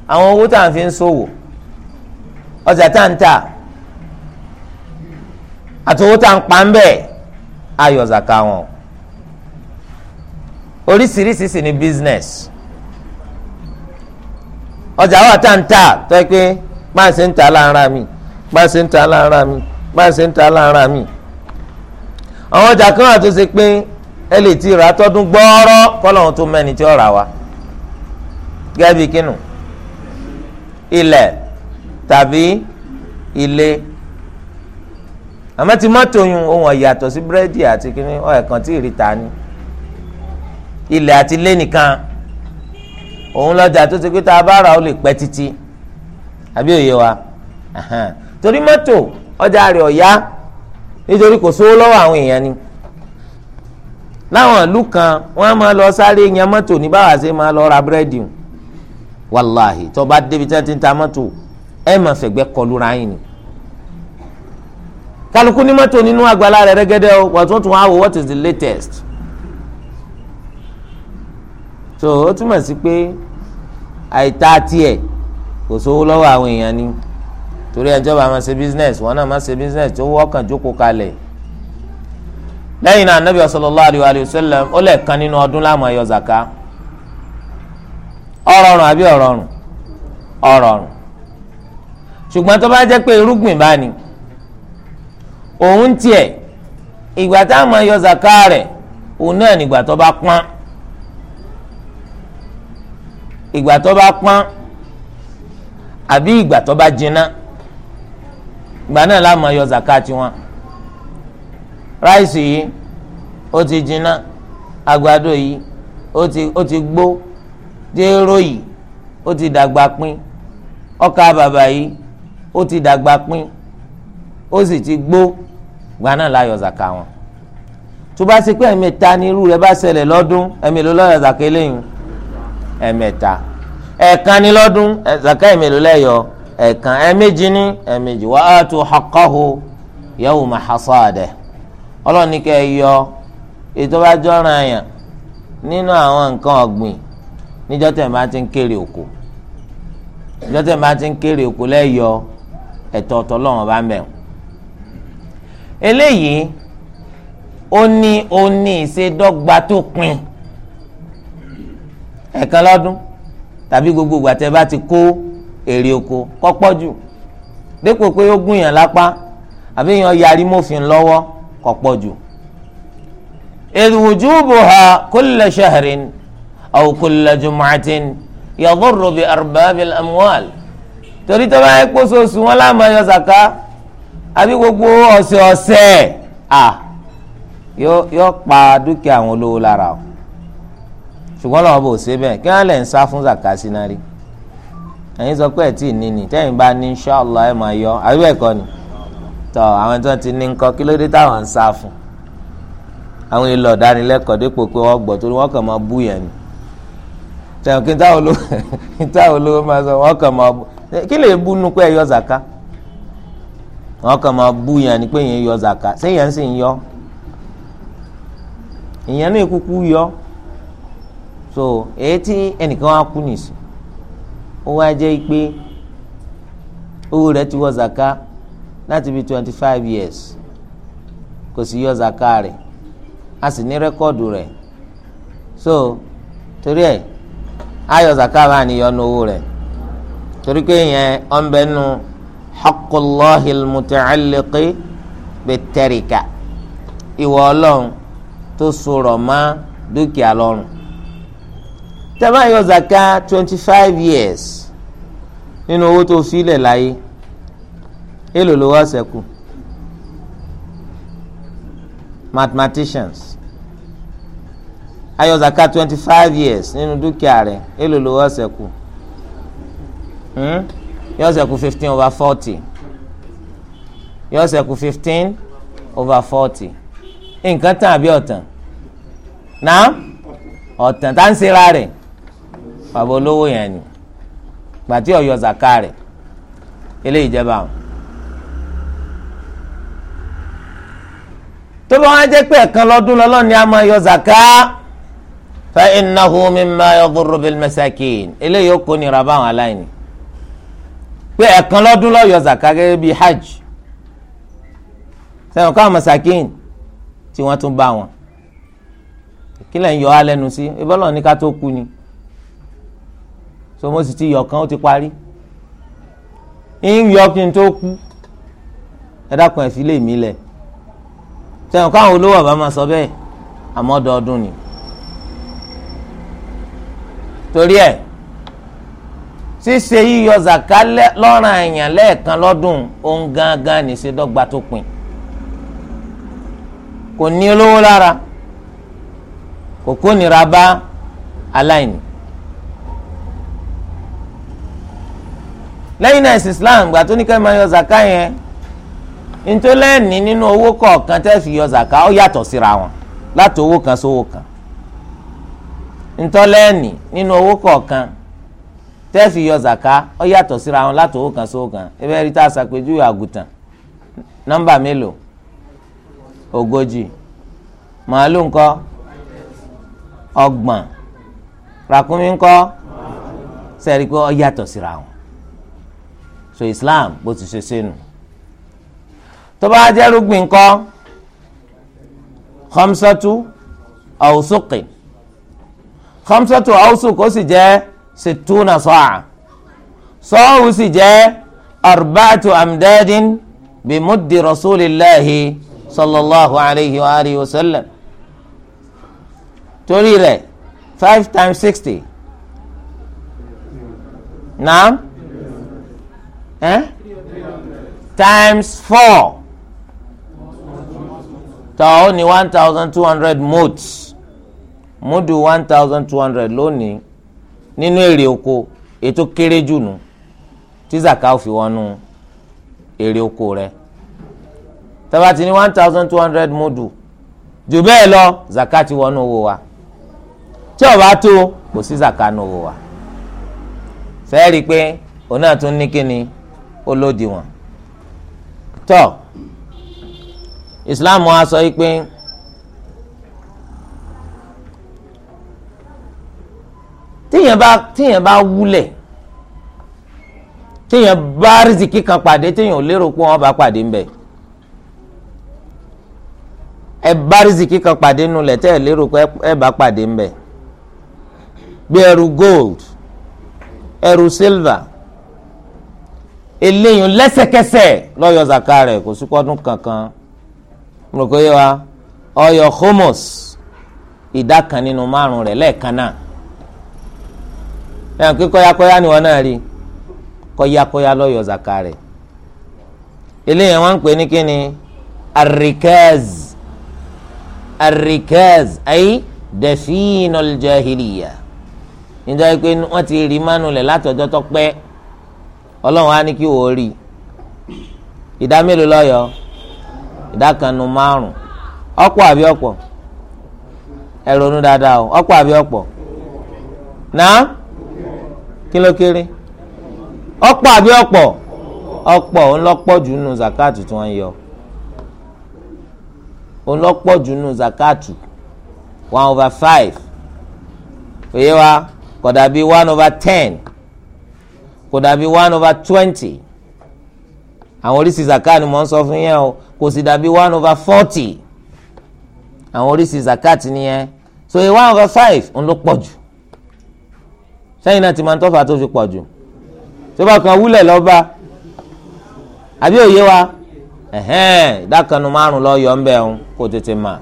àwọn owó tá à ń fi ń ṣòwò ọjà tá à ń tà àti owó tá à pa ń bẹ̀ ayọ̀ zaka wọn oríṣiríṣi sì ni business ọjà wà tá à ń tà tó yẹ pé máa ṣe ń tà lára mi máa ṣe ń tà lára mi máa ṣe ń tà lára mi àwọn ọjà kan wà tó ṣe pé ẹ lè ti rà tọdún gbọ́ọ́rọ́ kọ́lọ́hún tó mẹ́ni tí ó rà wá gẹ́gẹ́ bí kínú tàbí ilé àmọ́ tí mọ́tò yun ohun ọ̀yàtọ̀ sí búrẹ́dì àti kíní ọ̀yà kan tí ìrì ta ni ilẹ̀ àti ilé nìkan òun lọ́jà tó ti pé tá a bá ra ó lè pẹ́ títí àbí òye wa torí mọ́tò ọjà rẹ̀ ọ̀yá nítorí kò sówó lọ́wọ́ àwọn èèyàn ni láwọn ìlú kan wọ́n á máa lọ sáré yan mọ́tò ní báwa ṣe máa lọ ra búrẹ́dì wàláhì tó bá débi tí wọ́n ti ń ta mọ́tò ẹ̀ máa fẹ̀gbẹ́ kọlura yín ni kálukú ní mọ́tò nínú àgbàlá rẹ̀ rẹ́gẹ́dẹ́ o wà tó tún wá wò what is the latest so ó túmọ̀ sí pé àìta tiẹ̀ kò sówó lọ́wọ́ àwọn èèyàn ni torí ẹjọ́ bá máa ṣe business wọn náà máa ṣe business tó wọ́kàn jókòó kalẹ̀ lẹ́yìn náà anabi sallallahu alayhi wa sallam ó lẹ́ẹ̀kan nínú ọdún láàmú ayọ̀ zaka ọ̀rọ̀rùn àbí ọ̀rọ̀rùn ọ̀rọ̀rùn ṣùgbọ́n tó bá jẹ́ pé irúgbìn bá ní òun tiẹ̀ ìgbà tá a máa yọ zaka rẹ̀ òun náà nígbà tó bá pọ́n ìgbà tó bá pọ́n àbí ìgbà tó bá jiná ìgbà náà la máa yọ zaka tiwọn ráìsì yìí ó ti jiná àgbàdo yìí ó ti gbó jéró yìí ó ti dàgbà pín ọkà bàbà yìí ó ti dàgbà pín ó sì ti gbó gba náà láyọ̀ zaka wọn tó bá ṣe pé ẹ̀mẹ́ta ní irú rẹ̀ bá ṣẹlẹ̀ lọ́dún ẹ̀mẹ́lò lọ́yọ̀ zaka eléyìí ẹ̀mẹ́ta ẹ̀ẹ̀kan ní lọ́dún zaka ẹ̀mẹ́lò lẹ́yọ̀ ẹ̀ẹ̀kan ẹ̀ẹ̀méjì ní ẹ̀ẹ̀méjì wa atu yọ ètò bá jọ́ra yàn nínú àwọn nǹkan ọ̀gbìn níjọ́ tẹ̀ máa ti ń kéré òkú níjọ́ tẹ̀ máa ti ń kéré òkú lẹ́yọ ẹ̀tọ́ ọ̀tọ̀ eléyìí ó ní ó ní ìṣedọ́gba tó pin ẹ̀kan lọ́dún tàbí gbogbo ìgbà tẹ́ bá ti kó èrè oko kọ́pọ́ jù dépò pé ó gún yàn lápá àbí yàn yarí mọ́fin lọ́wọ́ kọ́pọ́ jù. wujubuha kulla shahrin aw kulla jumu'atin yadurru bi arbabil amwal torí tó bá yẹ kó sọ̀sù wọn láàmú ayọ̀ zaka àbí gbogbo ọ̀sẹ̀ ọ̀sẹ̀ à yóò pa dúkìá àwọn olówó lára o ṣùgbọ́n lọ́wọ́ bò ṣe bẹ́ẹ̀ kí wọ́n lè ń sá fún zakasi náà rí ẹ̀yin sọ pé ẹ̀ tí ì ní ni tẹ́yìn bá ní ṣọ́ọ̀lọ́ ẹ̀ máa yọ àbí bẹ́ẹ̀ kọ́ ni tọ́ àwọn tí wọ́n ti ní nǹkan kí ló dé táwọn ń sá fún àwọn ilọ̀ dánilẹ́kọ̀ọ́ dípò pé wọ́n gbọ́ torí wọ́n kàn máa bú yẹn ni tẹ̀wọ̀n *laughs* kí táwọn olówó máa sọ wọ́n kàn máa bú kí lè bú nu pé yọ zaka wọn kàn máa bú yẹn ni pé yẹn yọ zaka sẹ́yìn sì ń yọ so èyí tí ẹnìkan wá kú nìsí ó wá jẹ́ pé owó ti wọ zaka láti bí twenty five years kò sì yọ zaka rẹ̀ a sì ní so torí ẹ̀ ayọ̀ zaka ní yọ ní owó rẹ̀ torí pé yẹn ọ̀nbẹ́nu. haqqallahil muta'alliqi bit-tarika ìwọ ọlọ́run tó sọ̀rọ̀ mọ́ dúkìá lọ́rùn tẹ́lá yọ zaka twenty five years nínú owó tó filẹ̀ láyé èlò ló wá ṣẹ́kù mathematicians ayọ zaka twenty five years nínú dúkìá rẹ̀ èlò ló wá ṣẹ́kù. Hmm? yóò ṣẹ́kù fifteen over forty yóò ṣẹ́kù fifteen over forty nǹkan tán àbí ọ̀tàn náà ọ̀tàn tá ń ṣera rẹ̀ bàbá olówó yẹn ni gbàtí ọ̀yọ́ zaka rẹ̀ eléyìí jẹ́ báwọn. tó bá wọn jẹ́ pé ẹ̀kan lọ́dún lọ́lọ́ni a máa yọ zaka fa innahu mimma yadurru bil masakin eléyìí ó kó nira báwọn aláìní pé ẹ̀kan lọ́dún ló yọ zaka gẹ́gẹ́ bíi hajj sẹ́wọ̀n káwọn masakin tí wọ́n tún bá wọn kí lẹ́yìn yọ á lẹ́nu sí ìbọ́lọ̀ ní ká tó kú ni so mo sì ti yọ kan ó ti parí ń yọ kí n tó kú ẹ ẹ̀ fi lè mí lẹ̀ sẹ́wọ̀n káwọn olówó ọ̀bá máa sọ bẹ́ẹ̀ àmọ́ ọdọọdún ni torí ẹ̀ ṣíṣe yíyọ zaka lọ́ràn èèyàn lẹ́ẹ̀kan lọ́dún òun gangan nìṣe dọ́gba tó pin kò ní olówó lára kò kó nira bá aláìní. lẹ́yìn náà ẹ̀sìn Islam gbà tó ní kẹ́ máa yọ zaka yẹn ntọ́lẹ́ẹ̀ni nínú owó kọ̀ọ̀kan tẹ́ fi yọ zaka ó yàtọ̀ síra wọn láti owó kan sówó kan ntọ́lẹ́ẹ̀ni nínú owó kọ̀ọ̀kan tẹ́ẹ̀sì yọ zaka ọ yàtọ̀ síra wọn láti owó kan sówó kan ebe rí tá a ṣàpèjúwe àgùntàn nọ́mbà mélòó ogójì màálù ńkọ́ ọgbọ̀n ràkúnmí ńkọ́ sẹ́ẹ̀rí pé ọ yàtọ̀ síra wọn so Islam bó ti ṣe sẹ́nu tó bá jẹ́ rúgbìn ńkọ́ khamsatu awsuqi khamsatu awsuqi ó sì jẹ́ situna sọ́à sọ́ọ̀hù sì jẹ́ arba'atu amdadin bi muddi rasulillahi sallallahu alayhi wa alihi wa sallam torí rẹ̀ five times sixty naam eh? times four tàwọn ní one thousand two hundred modes mudu one thousand two hundred lónìí nínú èrè oko ètò kéré jù nù tí zaka ò fi wọnú èrè oko rẹ tá ti ní one thousand two hundred mudu jù bẹ́ẹ̀ lọ zaka ti wọnú owó wa tí ó tó kò sí zaka nù owó wa sẹ́ẹ̀rì pé òun náà tún ní kíni ó lòdì wọn tọ́ Islam wa sọ yìí pé. tíyẹn bá tíyẹn bá wúlẹ̀ tíyẹn bá rìsìkì kan pàdé tíyẹn ò lérò pé wọ́n bá pàdé ń bẹ̀ ẹ bá rìsìkì kan pàdé nulẹ̀ tẹ́ ẹ lérò pé ẹ bá pàdé ń bẹ̀ bí ẹrù gold ẹrù silver eléyìn lẹ́sẹ̀kẹsẹ̀ lọ́yọ̀ zaka rẹ̀ kò sí kọ́dún kankan mo rò pé yẹ wa ọyọ homos ìdá kan nínú márùn rẹ̀ lẹ́ẹ̀kan náà. ẹ̀ ń pé kọ́yákọ́yá ni wọ́n náà rí kọ́yákọ́yá lọ́yọ̀ zaka rẹ̀ eléyìí wọ́n ń pè ní kíni arikaz arikaz ayi dafinol jahiliya níjọ́ pé wọ́n ti rí mánu lẹ̀ látọjọ́ tó pẹ́ ọlọ́run á ní kí wọ́n rí ìdá mélòó lọ́yọ̀ ìdá kan nu márùn ọ̀pọ̀ àbí ọ̀pọ̀ ẹ ronú dáadáa o ọ̀pọ̀ àbí ọ̀pọ̀ náà. kí ló kéré ọ̀pọ̀ àbí ọ̀pọ̀ ọ̀pọ̀ ńlọ́pọ̀ jù nù zakatu tí wọ́n yọ ńlọ́pọ̀ jù nù zakatu one over five òye wa kò dàbí one over ten kò dàbí one over twenty àwọn oríṣi zakat ni mò ń sọ fún yẹn o kò sì dàbí one over forty àwọn oríṣi zakat nìyẹn so one over five ńlọ́pọ̀ jù sẹ́yìn náà ti máa ń tọ́fà tó fi pọ̀ jù tó bá kan wúlẹ̀ lọ́ba àbí òye wa ẹ̀hẹ́n ìdákanu márùn lọ yọ ńbẹ òun kó tètè mà.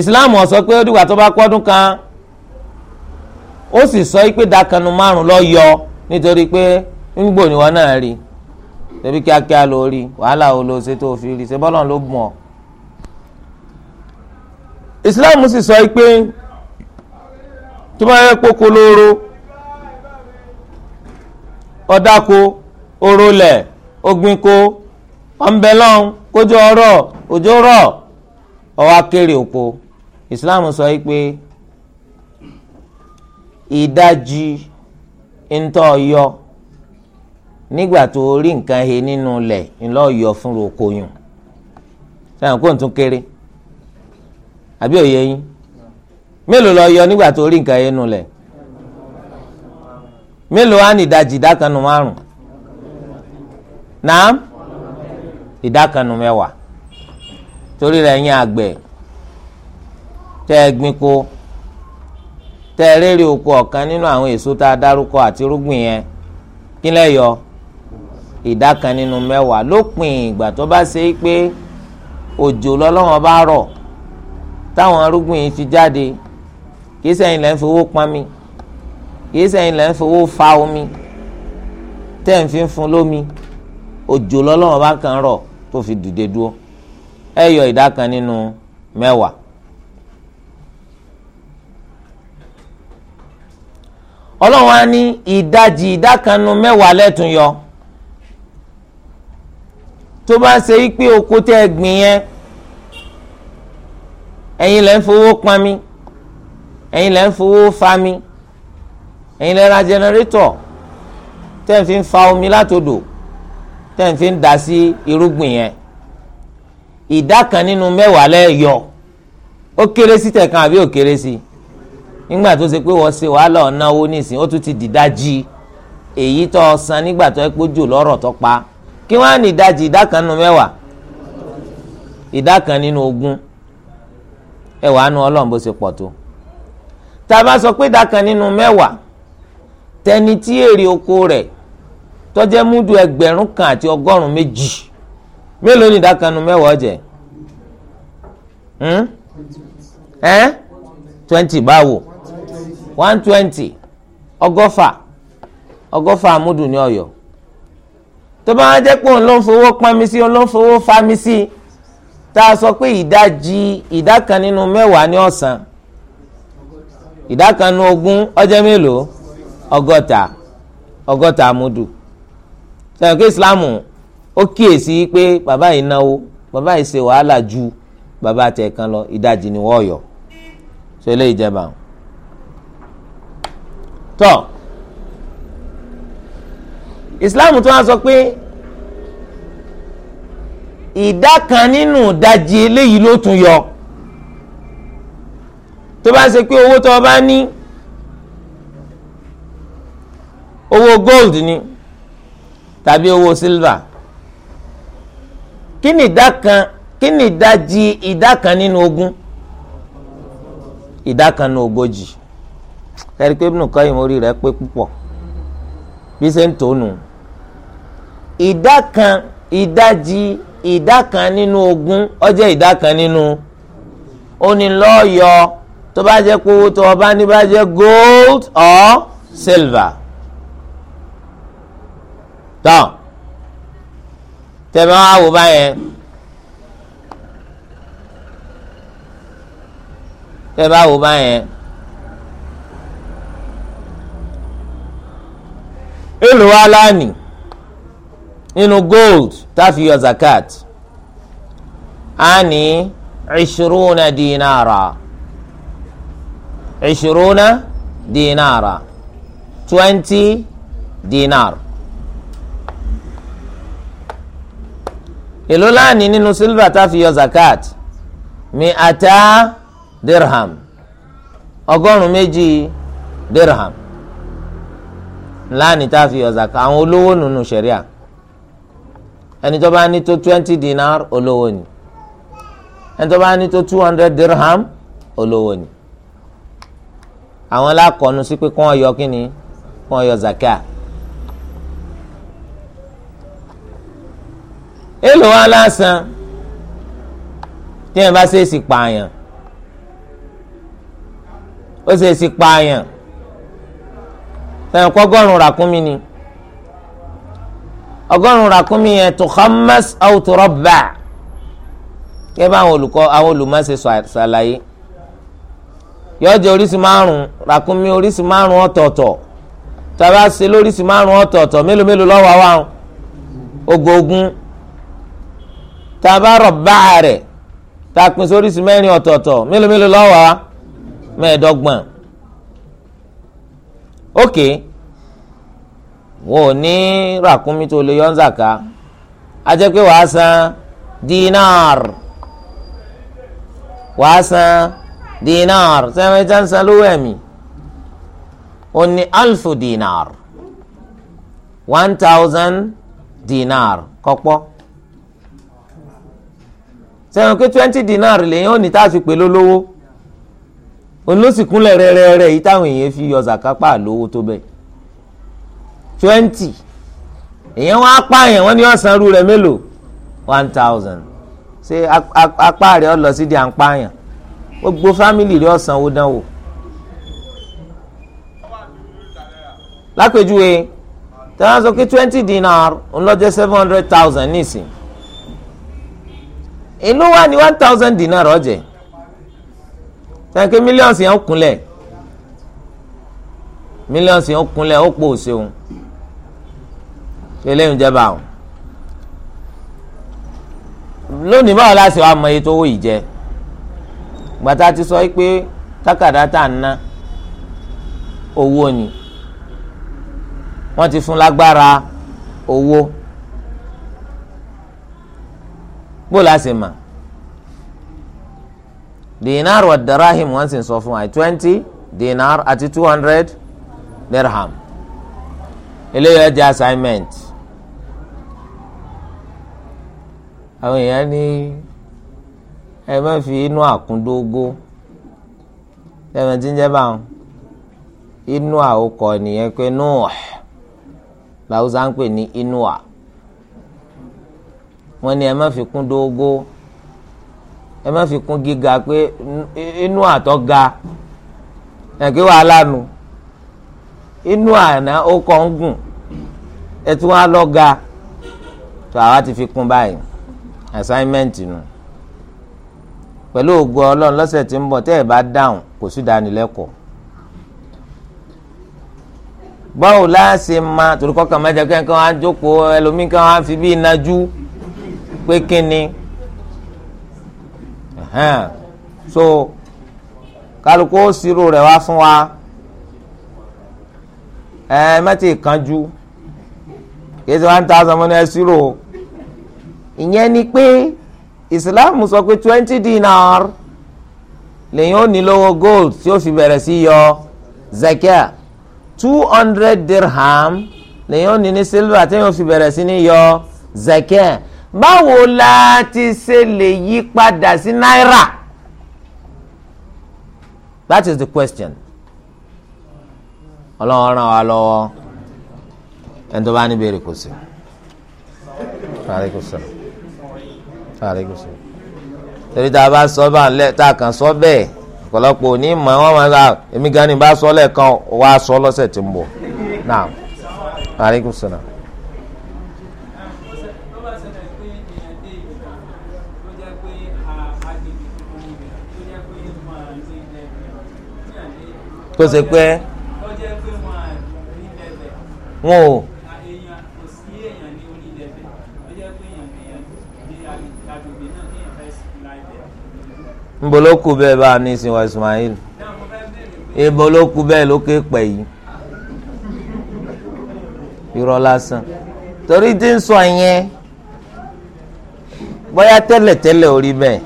Islam ó sọ pé ó dìgbà tó bá pọ́dún kan ó sì sọ pé ìdákanu márùn lọ yọ nítorí pé ń gbò níwọ náà rí tẹbi kíákíá ló wàhálà ó lọ ṣe tó fi rí ṣe bọ́lọ̀ ló bùn islam sì sọ pé tó bá yẹ kókó lóró ọ̀dàkó orólẹ̀ ogbínkó ọ̀nbẹ̀lọ́n kójú ọ̀rọ̀ òjò rọ̀ kéré òpó islam sọ pé ìdajì ntọ́ yọ nígbà tó rí nǹkan he nínú lẹ̀ ńlọ́ọ̀yọ̀ yọ roko sẹ́yìn kó n tún kéré. àbí òye yín mélòó lọ yọ nígbà tó rí nǹkan yẹn nulẹ̀ mélòó á ní ìdajì ìdákanu márùn náà ìdákanu mẹ́wàá torí rẹ̀ yín àgbẹ̀ tẹ́ ẹ gbin ko tẹ́ ẹ rérè oko ọ̀kan nínú àwọn èso tá a dárúkọ àti irúgbìn yẹn kí yọ ìdákan nínú mẹ́wàá lópin ìgbà tó bá ṣe é pé òjò lọ́lọ́wọ́n bá rọ̀ táwọn arúgbìn yìí fi jáde kì í sẹ́yìn lẹ́ ń fowó pọnmi kì í sẹ́yìn lẹ́ ń fowó fa omi tẹ́ ń fi fún lómi òjò lọ́lọ́wọ́n bá kàn rọ̀ tó fi dìde dúró ẹ yọ ìdá kan nínú mẹ́wàá. ọlọ́run á ní ìdajì ìdá kan nínú mẹ́wàá lẹ́tùn yọ tó bá ṣe é pé oko tẹ́ ẹ gbìn yẹn ẹ̀yin lẹ́ ń fowó pọn mi ẹ̀yin lẹ́ ń fowó fa mi ẹ̀yin lẹ́ ra jẹnẹrétọ̀ tẹ́ ń fi fa omi látòdò tẹ́ ń fi dà sí irúgbìn yẹn ìdá kan nínú mẹ́wàá lẹ́ yọ ó kéré sí tẹ̀kan àbí ó kéré sí nígbà tó ṣe pé wọ́n ṣe wàhálà ọ̀nàwó nísìnyí ó tún ti dìdájì èyí tó san nígbà tó ẹ pójú lọ́rọ̀ tó pa kí wọ́n á ní ìdajì ìdá kan nínú mẹ́wàá ìdá kan nínú ogún ẹ wàá nu pọtụ bó ṣe sọ pé dákan nínú tẹni tí èrè oko rẹ tó jẹ́ múdù ẹgbẹ̀rún kan àti ọgọrùn ún méjì mélòó ni dákan nínú mẹ́wàá jẹ? Hmm? twenty báwo one twenty ọgọ́fà ọgọ́fà múdu ní ọ̀yọ́ tó bá wá pé òun ló ń fowó tá a sọ pé ìdajì ìdá kan nínú mẹ́wàá ní ọ̀sán ìdá kan nínú ogún ọjọ́ mélòó ọgọ́ta ọgọ́ta múdù sẹ́yìn pé ìsìláàmù ó kíyèsí pé bàbá yìí náwó bàbá yìí ṣe wàhálà ju bàbá tẹ̀ kan lọ ìdajì ni wọ́n yọ ṣe lè jẹba tọ́ ìsìláàmù tó wá sọ pé. ìdá kan nínú ìdajì eléyìí ló tún yọ tó bá ṣe pé owó tó o bá ní owó gold ni tàbí owó silver kí ni ìdá kan kí ni ìdajì ìdá kan nínú ogún ìdá kan nínú ogójì kẹrí pé nǹkan ìmórí rẹ pé púpọ̀ bí ṣe ń tónu ìdá kan ìdajì ìdá kan nínú ogún ó jẹ́ ìdá kan nínú onílọ́ọ̀yọ tó bá jẹ́ pé tó o ní bá jẹ́ gold or silver. tán tẹ̀mẹ́ wá wò báyẹn tẹ̀mẹ́ wá wò báyẹn. èlò wa lánìí nínú gold tá a fi yọ zakat a ní ìṣirúnà dínàrà ìṣirúnà dínàrà twenty dinar èló láàní nínú silver tá a fi yọ zakat mi ata dirham ọgọ́rùn-ún méjì dirham láàní tá yọ zakat àwọn olówó nínú sẹ̀ríà ẹni tó bá ní tó twenty dinar olówó ni ẹni tó bá ní tó two hundred dirham olówó ni àwọn lákọ̀ọ́nù sí pé kí wọ́n yọ kí ni kí wọ́n yọ zakia. èlò wa lásán tí ẹ bá ṣèèṣì pààyàn ó ṣèèṣì pààyàn tẹ̀yìn kọ́gọ́rùn-ún ràkúnmí ni ọgọ́rùn-ún ràkúnmí yẹn tó khammas aw turabba kẹ́ bá àwọn olùkọ́ àwọn olùmọ̀ọ́sẹ ṣàlàyé yóò jẹ́ oríṣi márùn ràkúnmí oríṣi márùn ọ̀tọ̀ọ̀tọ̀ tàbá ṣe lóríṣi márùn ọ̀tọ̀ọ̀tọ̀ mélòó mélòó lọ́wọ́ wa ogógún tàbá rọ̀bà rẹ̀ tàpín sóríṣi mẹ́rin ọ̀tọ̀ọ̀tọ̀ mélòó mélòó lọ́wọ́ wa mẹ́ẹ̀ẹ́dọ́gbọ̀n. okay wọn ò ní ràkúnmí tó lè yọ ńzàká a jẹ́ pé wàá san dinar wàá san dinar sẹ́wọ́n ẹja ń san lówó ẹ̀mí ó ní alfu dinar one thousand dinar kọ́pọ́ sẹ́wọ̀n pé twenty dinar lèyìn ó ní tá a fi pè lólówó òun ló sì kúnlẹ̀ rẹ́rẹ́rẹ́ yìí táwọn èèyàn fi yọ zàkápá lówó tó bẹ́ẹ̀ twenty èèyàn wọn apá yẹn wọn ni wọn san irú rẹ̀ mélòó one thousand ṣé apá rẹ̀ ọ lọ sí di àǹpá yẹn gbogbo fámìlì rẹ̀ ọsàn wo dánwò. lápèjúwe tẹ́wọ́n sọ pé twenty dinar ń lọ seven hundred thousand nísìn ìlú wa ni one thousand dinar ọ̀jẹ̀ tẹ́ǹkì mílíọ̀nsì yẹn ń kúnlẹ̀ mílíọ̀nsì yẹn ń kúnlẹ̀ ó pò ó ṣeun eléyìí ń jẹba àwọn lónìí báwo láti wàá mọ iye tó wò yìí jẹ gbàtà ti sọ pé tákàdá tá ń ná owó ni wọ́n ti fún lágbára owó bó la ṣe dinar wa darahim wọ́n sì sọ fún wa twenty dinar àti two hundred dirham eléyìí ẹ jẹ́ assignment. àwọn èèyàn ní ẹ má fi inú àkúndógó lẹ́mẹ̀tí ń jẹ́ báwọn inú àwòkọ nìyẹn pé Nuh làwùsá ń pè ní inúà wọn ni ẹ má fi kún dógó ẹ má fi kún gíga pé inú àtọ́ ga ẹ̀ kí wàhálà nu inú àná ó kọ́ ń gùn ẹ tún wá lọ́ga tó àwa ti fi kún báyìí assignment nù pẹ̀lú ògo ọlọ́run lọ́sẹ̀ tí ń bọ̀ tẹ́ ẹ̀ bá dáhùn kò sí dánilẹ́kọ̀ọ́ báwo láàṣẹ máa torí kọ́kàn máa jẹ kí nǹkan wá jókòó ẹlòmíín kan wá fi bí inájú pé kí ni so kálukú ó ṣírò rẹ̀ wá fún wa ẹ mẹ́tì kanjú kí ẹ ti wá ń ta ọsàn mọ́ ní ẹ ṣírò o ìyẹn ni pé islam sọ pé twenty dinar lèyìn ó ní lọ́wọ́ gold tí ó fi bẹ̀rẹ̀ sí yọ zakia two hundred dirham lèyìn ó ní ní silver tí ó fi bẹ̀rẹ̀ sí ní yọ zakia báwo la ti ṣe lè yí padà sí náírà that is the question ọlọ́run ràn wá lọ́wọ́ ẹni tó bá ní béèrè kò sí. Wa alaikum salaam. torí tá a bá sọ bá lẹ tá a kàn sọ bẹ́ẹ̀ ọ̀pọ̀lọpọ̀ òní mọ̀ wọ́n máa ra èmi gan ni bá sọ lẹ́ẹ̀kan wá sọ lọ́sẹ̀ tí ń bọ̀ náà aleykum salaam. kó o ṣe pé wọn ò. nboloku bẹ́ẹ̀ bá a ní ìsìn Ismail ìboloku bẹ́ẹ̀ ló ké pẹ̀ yìí irọ́ lásán torí tí ń sọ yẹn bóyá tẹ́lẹ̀tẹ́lẹ̀ orí bẹ́ẹ̀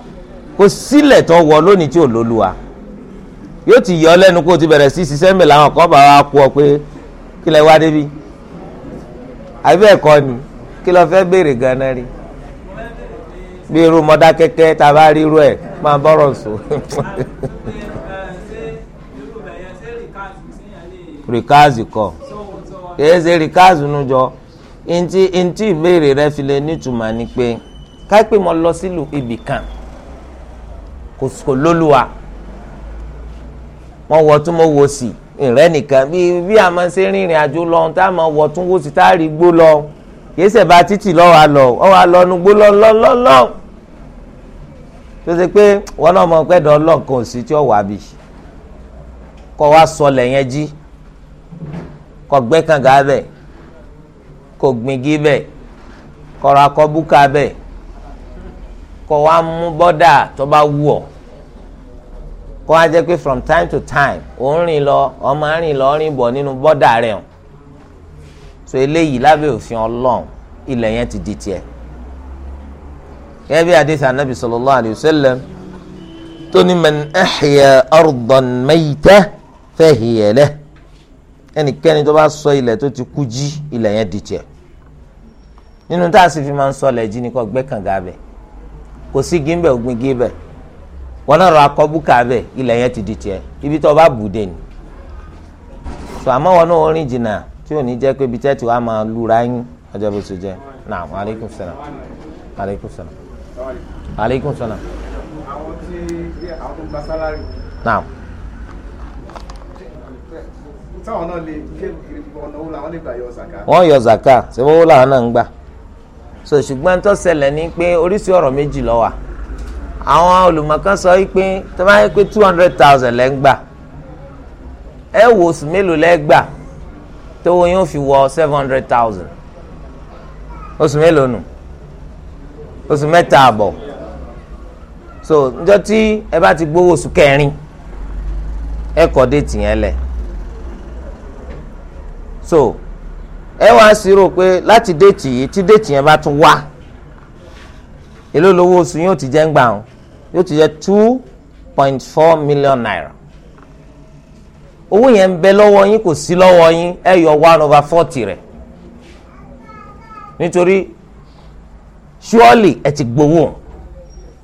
kò sílẹ̀ tó wọ lónìí tí ò yóò ti yọ lẹ́nu kó o ti bẹ̀rẹ̀ sí ṣiṣẹ́ mi làwọn kan bá wa kú ọ pé bí irú Mọdákẹ́kẹ́ tá a bá rí ẹ ẹ̀ máa bọ́rọ̀ sùn. rìkáàzì kọ kìí ṣe rìkáàzì nu jọ ntí ntí ìbéèrè rẹ fi lè nítumọ̀ ni pé káìpé mo lọ sílùú ibì kan kò lólùwà wọn wọ tún mo wò sí ìrẹ́ nìkan bí bí a máa ṣe rìnrìn àjò lọ tá a máa wọ tún wò sí tá a rí gbó lọ kìí ṣe bá títì lọ́wọ́ a lọ ọ wa lọ nu gbó lọ́ lọ́lọ́lọ́ tó ṣe pé wọn náà mọ̀ pé dán ọlọ́ọ̀kan ò sí tí ó wà bì kọ́ wa sọlẹ̀ yẹn jí kọ́ gbẹ́ kànga bẹ̀ kọ́ gbìngì bẹ̀ kọ́ ra kọ́ búkà bẹ̀ kọ́ wa mú bọ́dà tó bá wù ọ́ kọ́ wa jẹ́ pé from time to time ò ń rìn lọ ọmọ rìn lọ rìn bọ̀ nínú bọ́dà rẹ̀ hàn so eléyìí lábẹ́ òfin ọlọ́run ilẹ̀ yẹn ti di tiẹ̀ gẹ́gẹ́ bí adé sàn nàbì sallallahu alayhi wa sallam tó ní man ahya ardan mayta fahiya lahu ẹnikẹ́ni tó bá sọ ilẹ̀ tó ti kú jí ilẹ̀ yẹn di tiẹ̀ nínú tá a sì fi máa ń sọlẹ̀ jí ni kò gbẹ́ kànga bẹ̀ kò sí gímbẹ̀ ògbìn gímbẹ̀ wọn náà rọ akọ́bùkà bẹ̀ ilẹ̀ yẹn ti di ibi tó bá bù dé ni sọ àmọ́ wọn náà orin jìnnà tí ò ní jẹ́ pé ibi tẹ́tì wa máa lura yín ọjọ́ bó ṣe jẹ́ náà aleykum salaam aleykum salaam aleykum salaam. àwọn tí àwọn tó gba sálárì. naam. táwọn náà lè ṣe ọ̀nà wo làwọn lè gbà yọ zaka. wọ́n yọ zaka ṣé owó làwọn náà ń gbà. so ṣùgbọ́n tó ṣẹlẹ̀ ni pé oríṣi ọ̀rọ̀ méjì ló wà àwọn olùmọ̀kan sọ wípé tó bá yẹ pé two hundred thousand lẹ́ ń gbà ẹ wò oṣù mélòó lẹ́ gbà tó yóò fi wọ seven hundred thousand oṣù mélòó nù oṣù mẹ́ta àbọ̀ so njọ́ tí ẹ bá ti gbowó oṣù kẹrin ẹ kọ déètì yẹn lẹ̀ so ẹ wá ṣírò pé láti déètì yìí tí déètì yẹn bá tún wá èló lówó oṣù yóò ti jẹ́ ń gbà ọ́n yóò ti jẹ́ two point four million naira owó yẹn ń bẹ lọ́wọ́ yín kò sí lọ́wọ́ yín ẹ yọ one over forty rẹ̀ nítorí surely ẹ ti gbowó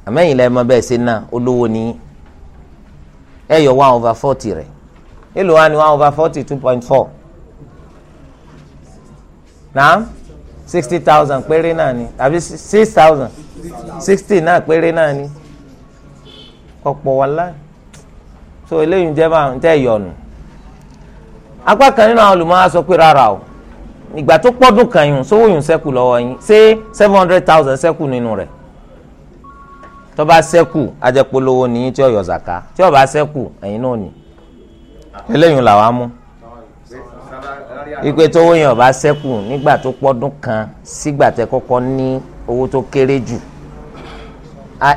àmẹ́yìn lẹ́ẹ̀ mọ bẹ́ẹ̀ ṣe náà olówó ni ẹ yọ one over forty rẹ̀ èlò wa ni one over forty two point four náà sixty thousand péré náà ni àbí six thousand sixty náà péré náà ni ọ̀pọ̀ wà láì so eléyìí ń jẹ́ bá ń tẹ́ yọ̀nù apá kan nínú àwọn olùmọ̀ á sọ pé rárá o ìgbà tó pọ́dún kan yùn sówó yùn sẹ́kù lọ́wọ́ yín ṣé seven hundred thousand sẹ́kù nínú rẹ̀ tó bá sẹ́kù ajẹpolówó nìyí tí ó yọ zàká tí ó bá sẹ́kù ẹ̀yin náà nì eléyìí làwa mú ìpè tó wóyàn bá sẹ́kù nígbà tó pọ́dún kan sígbà tẹ kọ́kọ́ ní owó tó kéré jù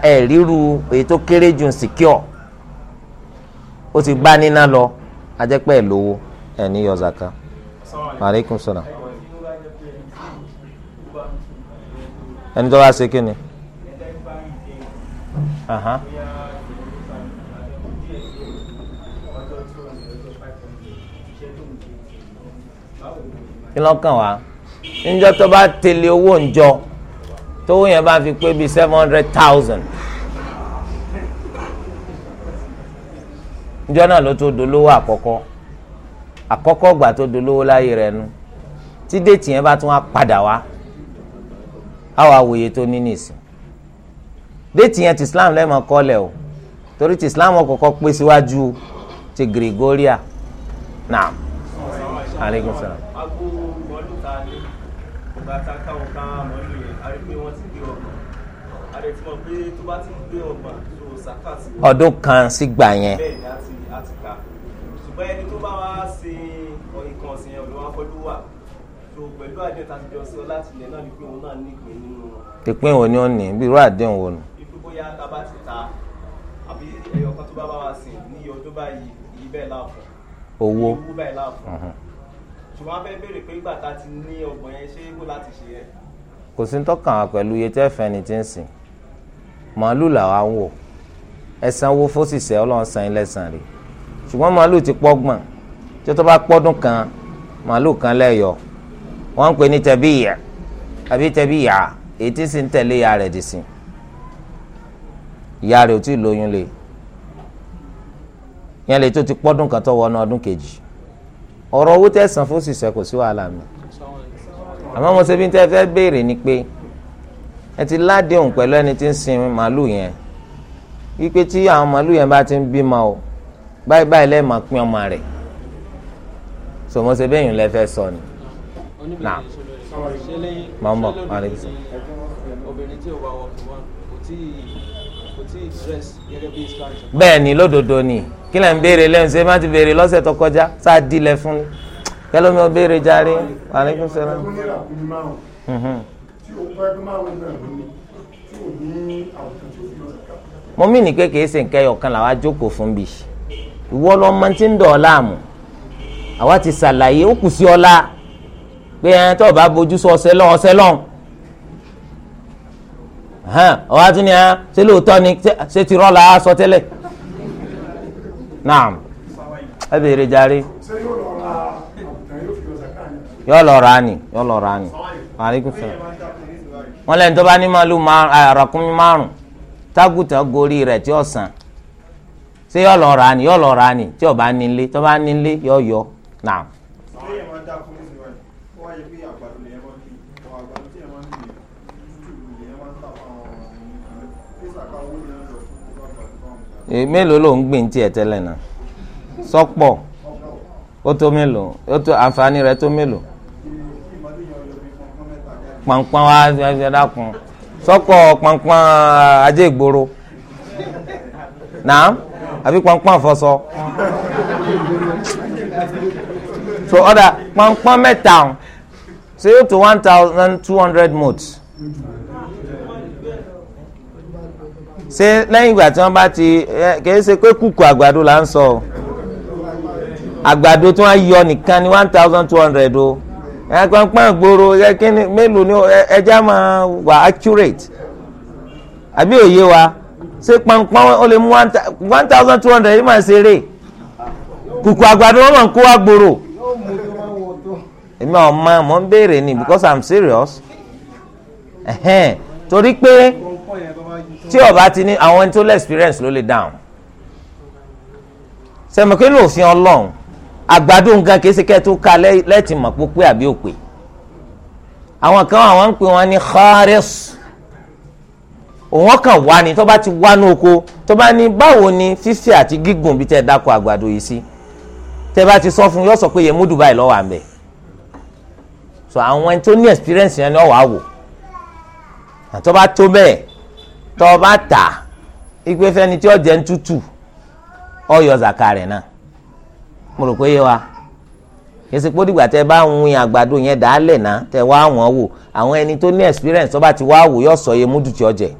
ẹ̀ ríru èyí tó kéré jù secure ó ti gbá níná lọ ajẹ́pẹ́ ẹ̀ lówó ẹ̀ ní yọ zàká. Alaikum salaam. ẹni tó wá ṣe kí ni. kí lọ́kàn wá níjọ́ tó bá tẹ̀lé owó ǹjọ́ tówó yẹn bá fi pé bíi seven hundred thousand ǹjọ́ náà ló tó dolówó àkọ́kọ́ àkọ́kọ́ gbà tó dolówó láyé rẹ̀ nu tí déètì yẹn bá tún wá padà wá àwọn àwòye tó ní nìsín déètì yẹn ti islam lẹ́ẹ̀mọ́ kọ́lẹ̀ o torí ti islam ọ̀kọ̀ọ̀kọ̀ pé síwájú ti gregoria na aleykum salaam. agbo mọ́lù ta ni bàtà káwọn ká mọ́lù yẹn a rí pé wọ́n ti gbé ọgbà a lè ti mọ̀ pé tó bá ti gbé ọgbà tó sàkàtì. ọdún kan sígbà yẹn. bẹ́ẹ̀ni àti àtìkà ṣùgbọ́n ẹni tó bá wá ṣe ìkànsìn yẹn ló wá fọlú wà tó pẹ̀lú àdéhùn tàbí tilẹ̀ náà ni pé òun ìpín wo ni ó ní bí irú àdéhùn wo ni. ibi bóyá tá a bá ti ta àbí ẹyọ kan tó bá bá wa sìn ní iye ọdún báyìí èyí bẹ́ẹ̀ láàfọ̀. owó owó báyìí láàfọ̀. ṣùgbọ́n a fẹ́ béèrè pé ìgbà tá a ti ní ọgbọ̀n yẹn ṣé kó láti ṣe yẹn. kò sí tọ́kàn wá pẹ̀lú iye tẹ́ fẹ́ ni ti ń sìn màálù làwa wò ẹ̀sán owó fósìsẹ́ ọlọ́run san ilẹ̀ sàn rè ṣùgbọ́n màálù ti pọ́gbọ̀n tí ó bá pọ́dún kan màálù kan lẹ́yọ̀ wọ́n ń pè ní tẹ̀bíyà àbí tẹ̀bí yà èyí tí sì ń tẹ̀lé ìyá rẹ̀ dì sí ìyá rẹ̀ ò tí ì lóyún lé yẹn lè tó ti pọ́dún kan tó wọnú ọdún kejì ọ̀rọ̀ owó tẹ̀sán fún òṣìṣẹ́ kò sí wàhálà mi àmọ́ mo ṣe bí n tẹ́ fẹ́ béèrè ni pé ẹ ti ládéhùn pẹ̀lú ẹni tí ń sin màálù yẹn wípé tí àwọn màálù yẹn bá ti ń bímọ o báyìí báyìí lẹ́ẹ̀ máa pín ọmọ rẹ̀ sọmọṣẹ́ bẹ́yìn lẹ́fẹ́ sọ ni máa ń bọ̀ àlejò. obìnrin tí ò bá wọ fún wọn kò tí kò tí dress gẹ́gẹ́ bí islam. bẹ́ẹ̀ ni lódodo ni kí lẹ́ ń béèrè lẹ́yìn ṣe má ti béèrè lọ́sẹ̀ tó kọjá sáà dilẹ̀ fún ni kẹ́lọ́ mi ò béèrè járe àlejò sẹ́lẹ̀. mo mí ní pé kìí ṣe nǹkan ẹyọkan làwa jókòó fún bí ìwọ lọ́mọ tí ń dọ̀ ọ́ láàmú àwa ti ṣàlàyé ó kù sí ọ láà pé ẹ tó o bá bójú sọ ọsẹ lọ ọsẹ lọ ọwọ́ àti ni ẹ ṣé lóòótọ́ ni ṣé ti rọ́ọ̀lá aṣọ tẹ́lẹ̀ naam ẹ bèrè jàre yọ lọ ra ni yọ lọ ra ni maaleykum salaam wọn lẹ́yìn tó bá ní màálù àràkúnmí márùn tágùtà gorí rẹ̀ tí ó sàn ṣé yọ lọ ra ni yọ lọ ra ni tí ó bá nílé tó bá nílé yọ yọ naam. mélòó ló ń gbìn tiẹ̀ tẹ́lẹ̀ náà sọ́pọ̀ ó tó mélòó ó tó àǹfààní rẹ̀ tó mélòó pọ̀npọ̀n wa ẹ dákun sọ́pọ̀ pọ̀npọ̀n ajé ìgboro náà àbí pọ̀npọ̀n àfọ̀sọ so ọ̀dà mẹ́ta ṣé yóò tó one thousand two hundred mots. ṣé lẹ́yìn ìgbà tí wọ́n bá ti kìí ṣe pé kùkù àgbàdo là ń sọ o àgbàdo tí wọ́n yọ nìkan ní one thousand two hundred o ẹ̀ pọ́npọ́n gbòòrò ẹ̀ kíni mélòó ni ẹja máa wà accurate àbí òye wa ṣé pọ́npọ́n ó lè mú one thousand two hundred yìí máa ṣeré kùkù àgbàdo wọn máa ń kó wa gbòòrò èmi ọ̀ máa mọ̀ ń béèrè ni because I'm serious torí pé tí ọba ti ní àwọn ẹni tó lé experience ló lè dáhùn sẹmọkẹ ló fi Ọlọ́run àgbàdo nǹkan kìí ṣe kẹtù ká lẹ́ẹ̀tì mọ̀ pópé àbí òpè àwọn kan àwọn ń pè wọn ní xaares òun kàn wá ni tó bá ti wá ní oko tó bá ní báwo ni fífi àti gígùn bí tẹ́ ẹ dáko àgbàdo yìí sí tẹ́ bá ti sọ fún yóò sọ pé yẹ múdù báyìí lọ́wọ́ àmì so àwọn ẹni tó ní experience yẹn ni ọ̀wá wò àtọ́ bá tó bẹ́ẹ̀ tọ́ ọ bá tà igbe fẹ́ni tí ọ̀jẹ̀ ń tútù ọ yọ zaka rẹ̀ náà mo rò pé yé wa kèsì pé tẹ bá ń win àgbàdo yẹn dàálẹ̀ náà tẹ wá wọ́n wò àwọn ẹni tó ní experience tó bá ti wá wò yọ sọ iye múdù tí ọ̀jẹ̀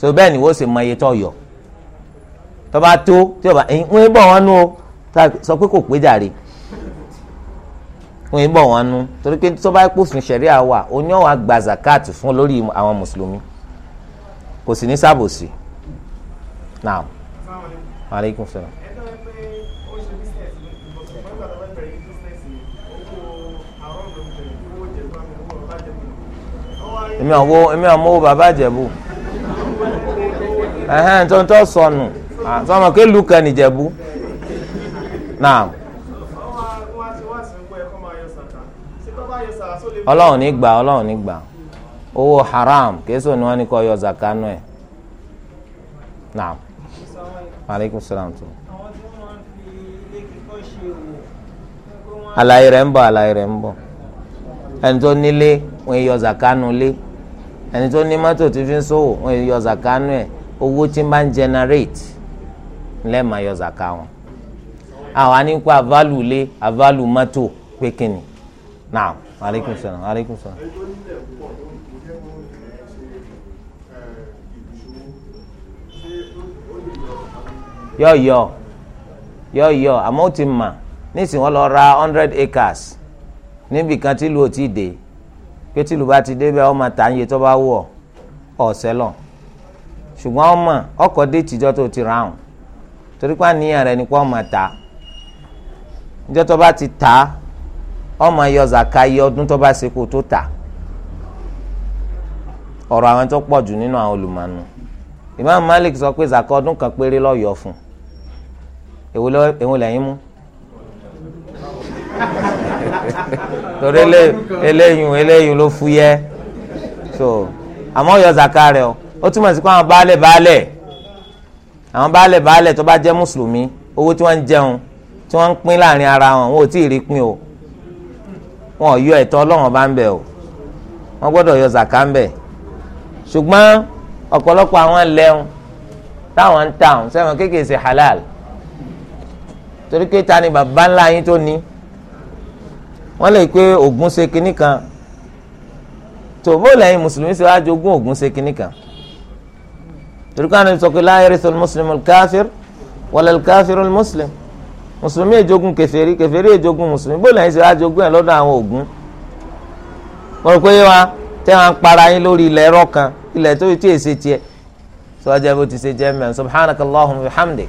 so bẹ́ẹ̀ ni wọ́n sì mọ iye tó yọ tó bá tó tí ọba ń bọ̀ wọ́n nú o sọ pé kò pé jàre ń bọ̀ wọ́n nú torí pé tó bá pósùn wà oníwọ̀n àgbà zakat fún lórí àwọn mùsùlùmí kò sì ní sábòsí naam aleykum salaam. èmi àwọn èmi àwọn owó bàbá àjẹbù ẹhẹn tó ń tọ́ sọnù sọmọ kí lu kan ìjẹ̀bù naam. ọlọ́run ní gbà ọlọ́run ní gbà. owó haram kéésù ni wọ́n ni kó yọ zaka nù ẹ̀ maaleykum salaam tó. àlàyé rẹ̀ ń bọ̀ àlàyé rẹ̀ ń bọ̀ ẹni tó nílé wọ́n yọ zaka lé ẹni tó ní avalu lé avalu pé maaleykum salaam maaleykum yọ yọ yọ yọ àmọ́ ó ti mà lọ ra hundred acres níbi kan tí ìlú ti dé pé tí ìlú bá ti dé bẹ́ẹ̀ wọ́n máa ń yẹ tó bá ọ́ lọ ṣùgbọ́n wọ́n mọ̀ ọkọ̀ dé tìjọ́ tó ti ra hàn torí pé àníyàn rẹ̀ ni pé ti taa wọ́n máa yọ zàkà iye ọdún tó bá ṣe kó tó ọ̀rọ̀ àwọn tó pọ̀ jù nínú àwọn olùmọ̀nù Malik sọ pé ọdún èwo lẹ́yìn mú torí eléyìn eléyìn ló fúyẹ́ so àmọ́ yọ zaka rẹ o ó túmọ̀ sí pé àwọn baálẹ̀ baálẹ̀ àwọn baálẹ̀ baálẹ̀ tó bá jẹ́ mùsùlùmí owó tí wọ́n ń jẹun tí wọ́n ń pín láàrin ara wọn wọn ò tí ì rí pín o wọn ò yọ ẹ̀tọ́ ọlọ́wọ́n bá ń bẹ̀ o wọ́n gbọ́dọ̀ yọ zaka ń bẹ̀ ṣùgbọ́n ọ̀pọ̀lọpọ̀ àwọn lẹ́hùn táwọn ń tà sẹ́wọ̀n kéékèèsè halal torí pé ta ni bàbá ńlá yín tó ní wọ́n lè pé Ògún ṣe kinní kan tó bó lẹ́yìn mùsùlùmí ṣe wá jogún Ògún ṣe kinní kan torí pé àwọn sọ pé la yarithul muslimul káfíìr walal káfíìrul muslim mùsùlùmí èjogún kèfèrí kèfèrí èjogún mùsùlùmí bó lẹ́yìn ṣe wá jogún ẹ̀ lọ́dọ̀ àwọn Ògún wọ́n rò pé yé wa wọn para yín lórí ilẹ̀ ẹ̀rọ kan ilẹ̀ tó ti èsè tiẹ̀ sọ́jà bó ti ṣe jẹ́ mẹ́rin subhanakallahumma wa bihamdik.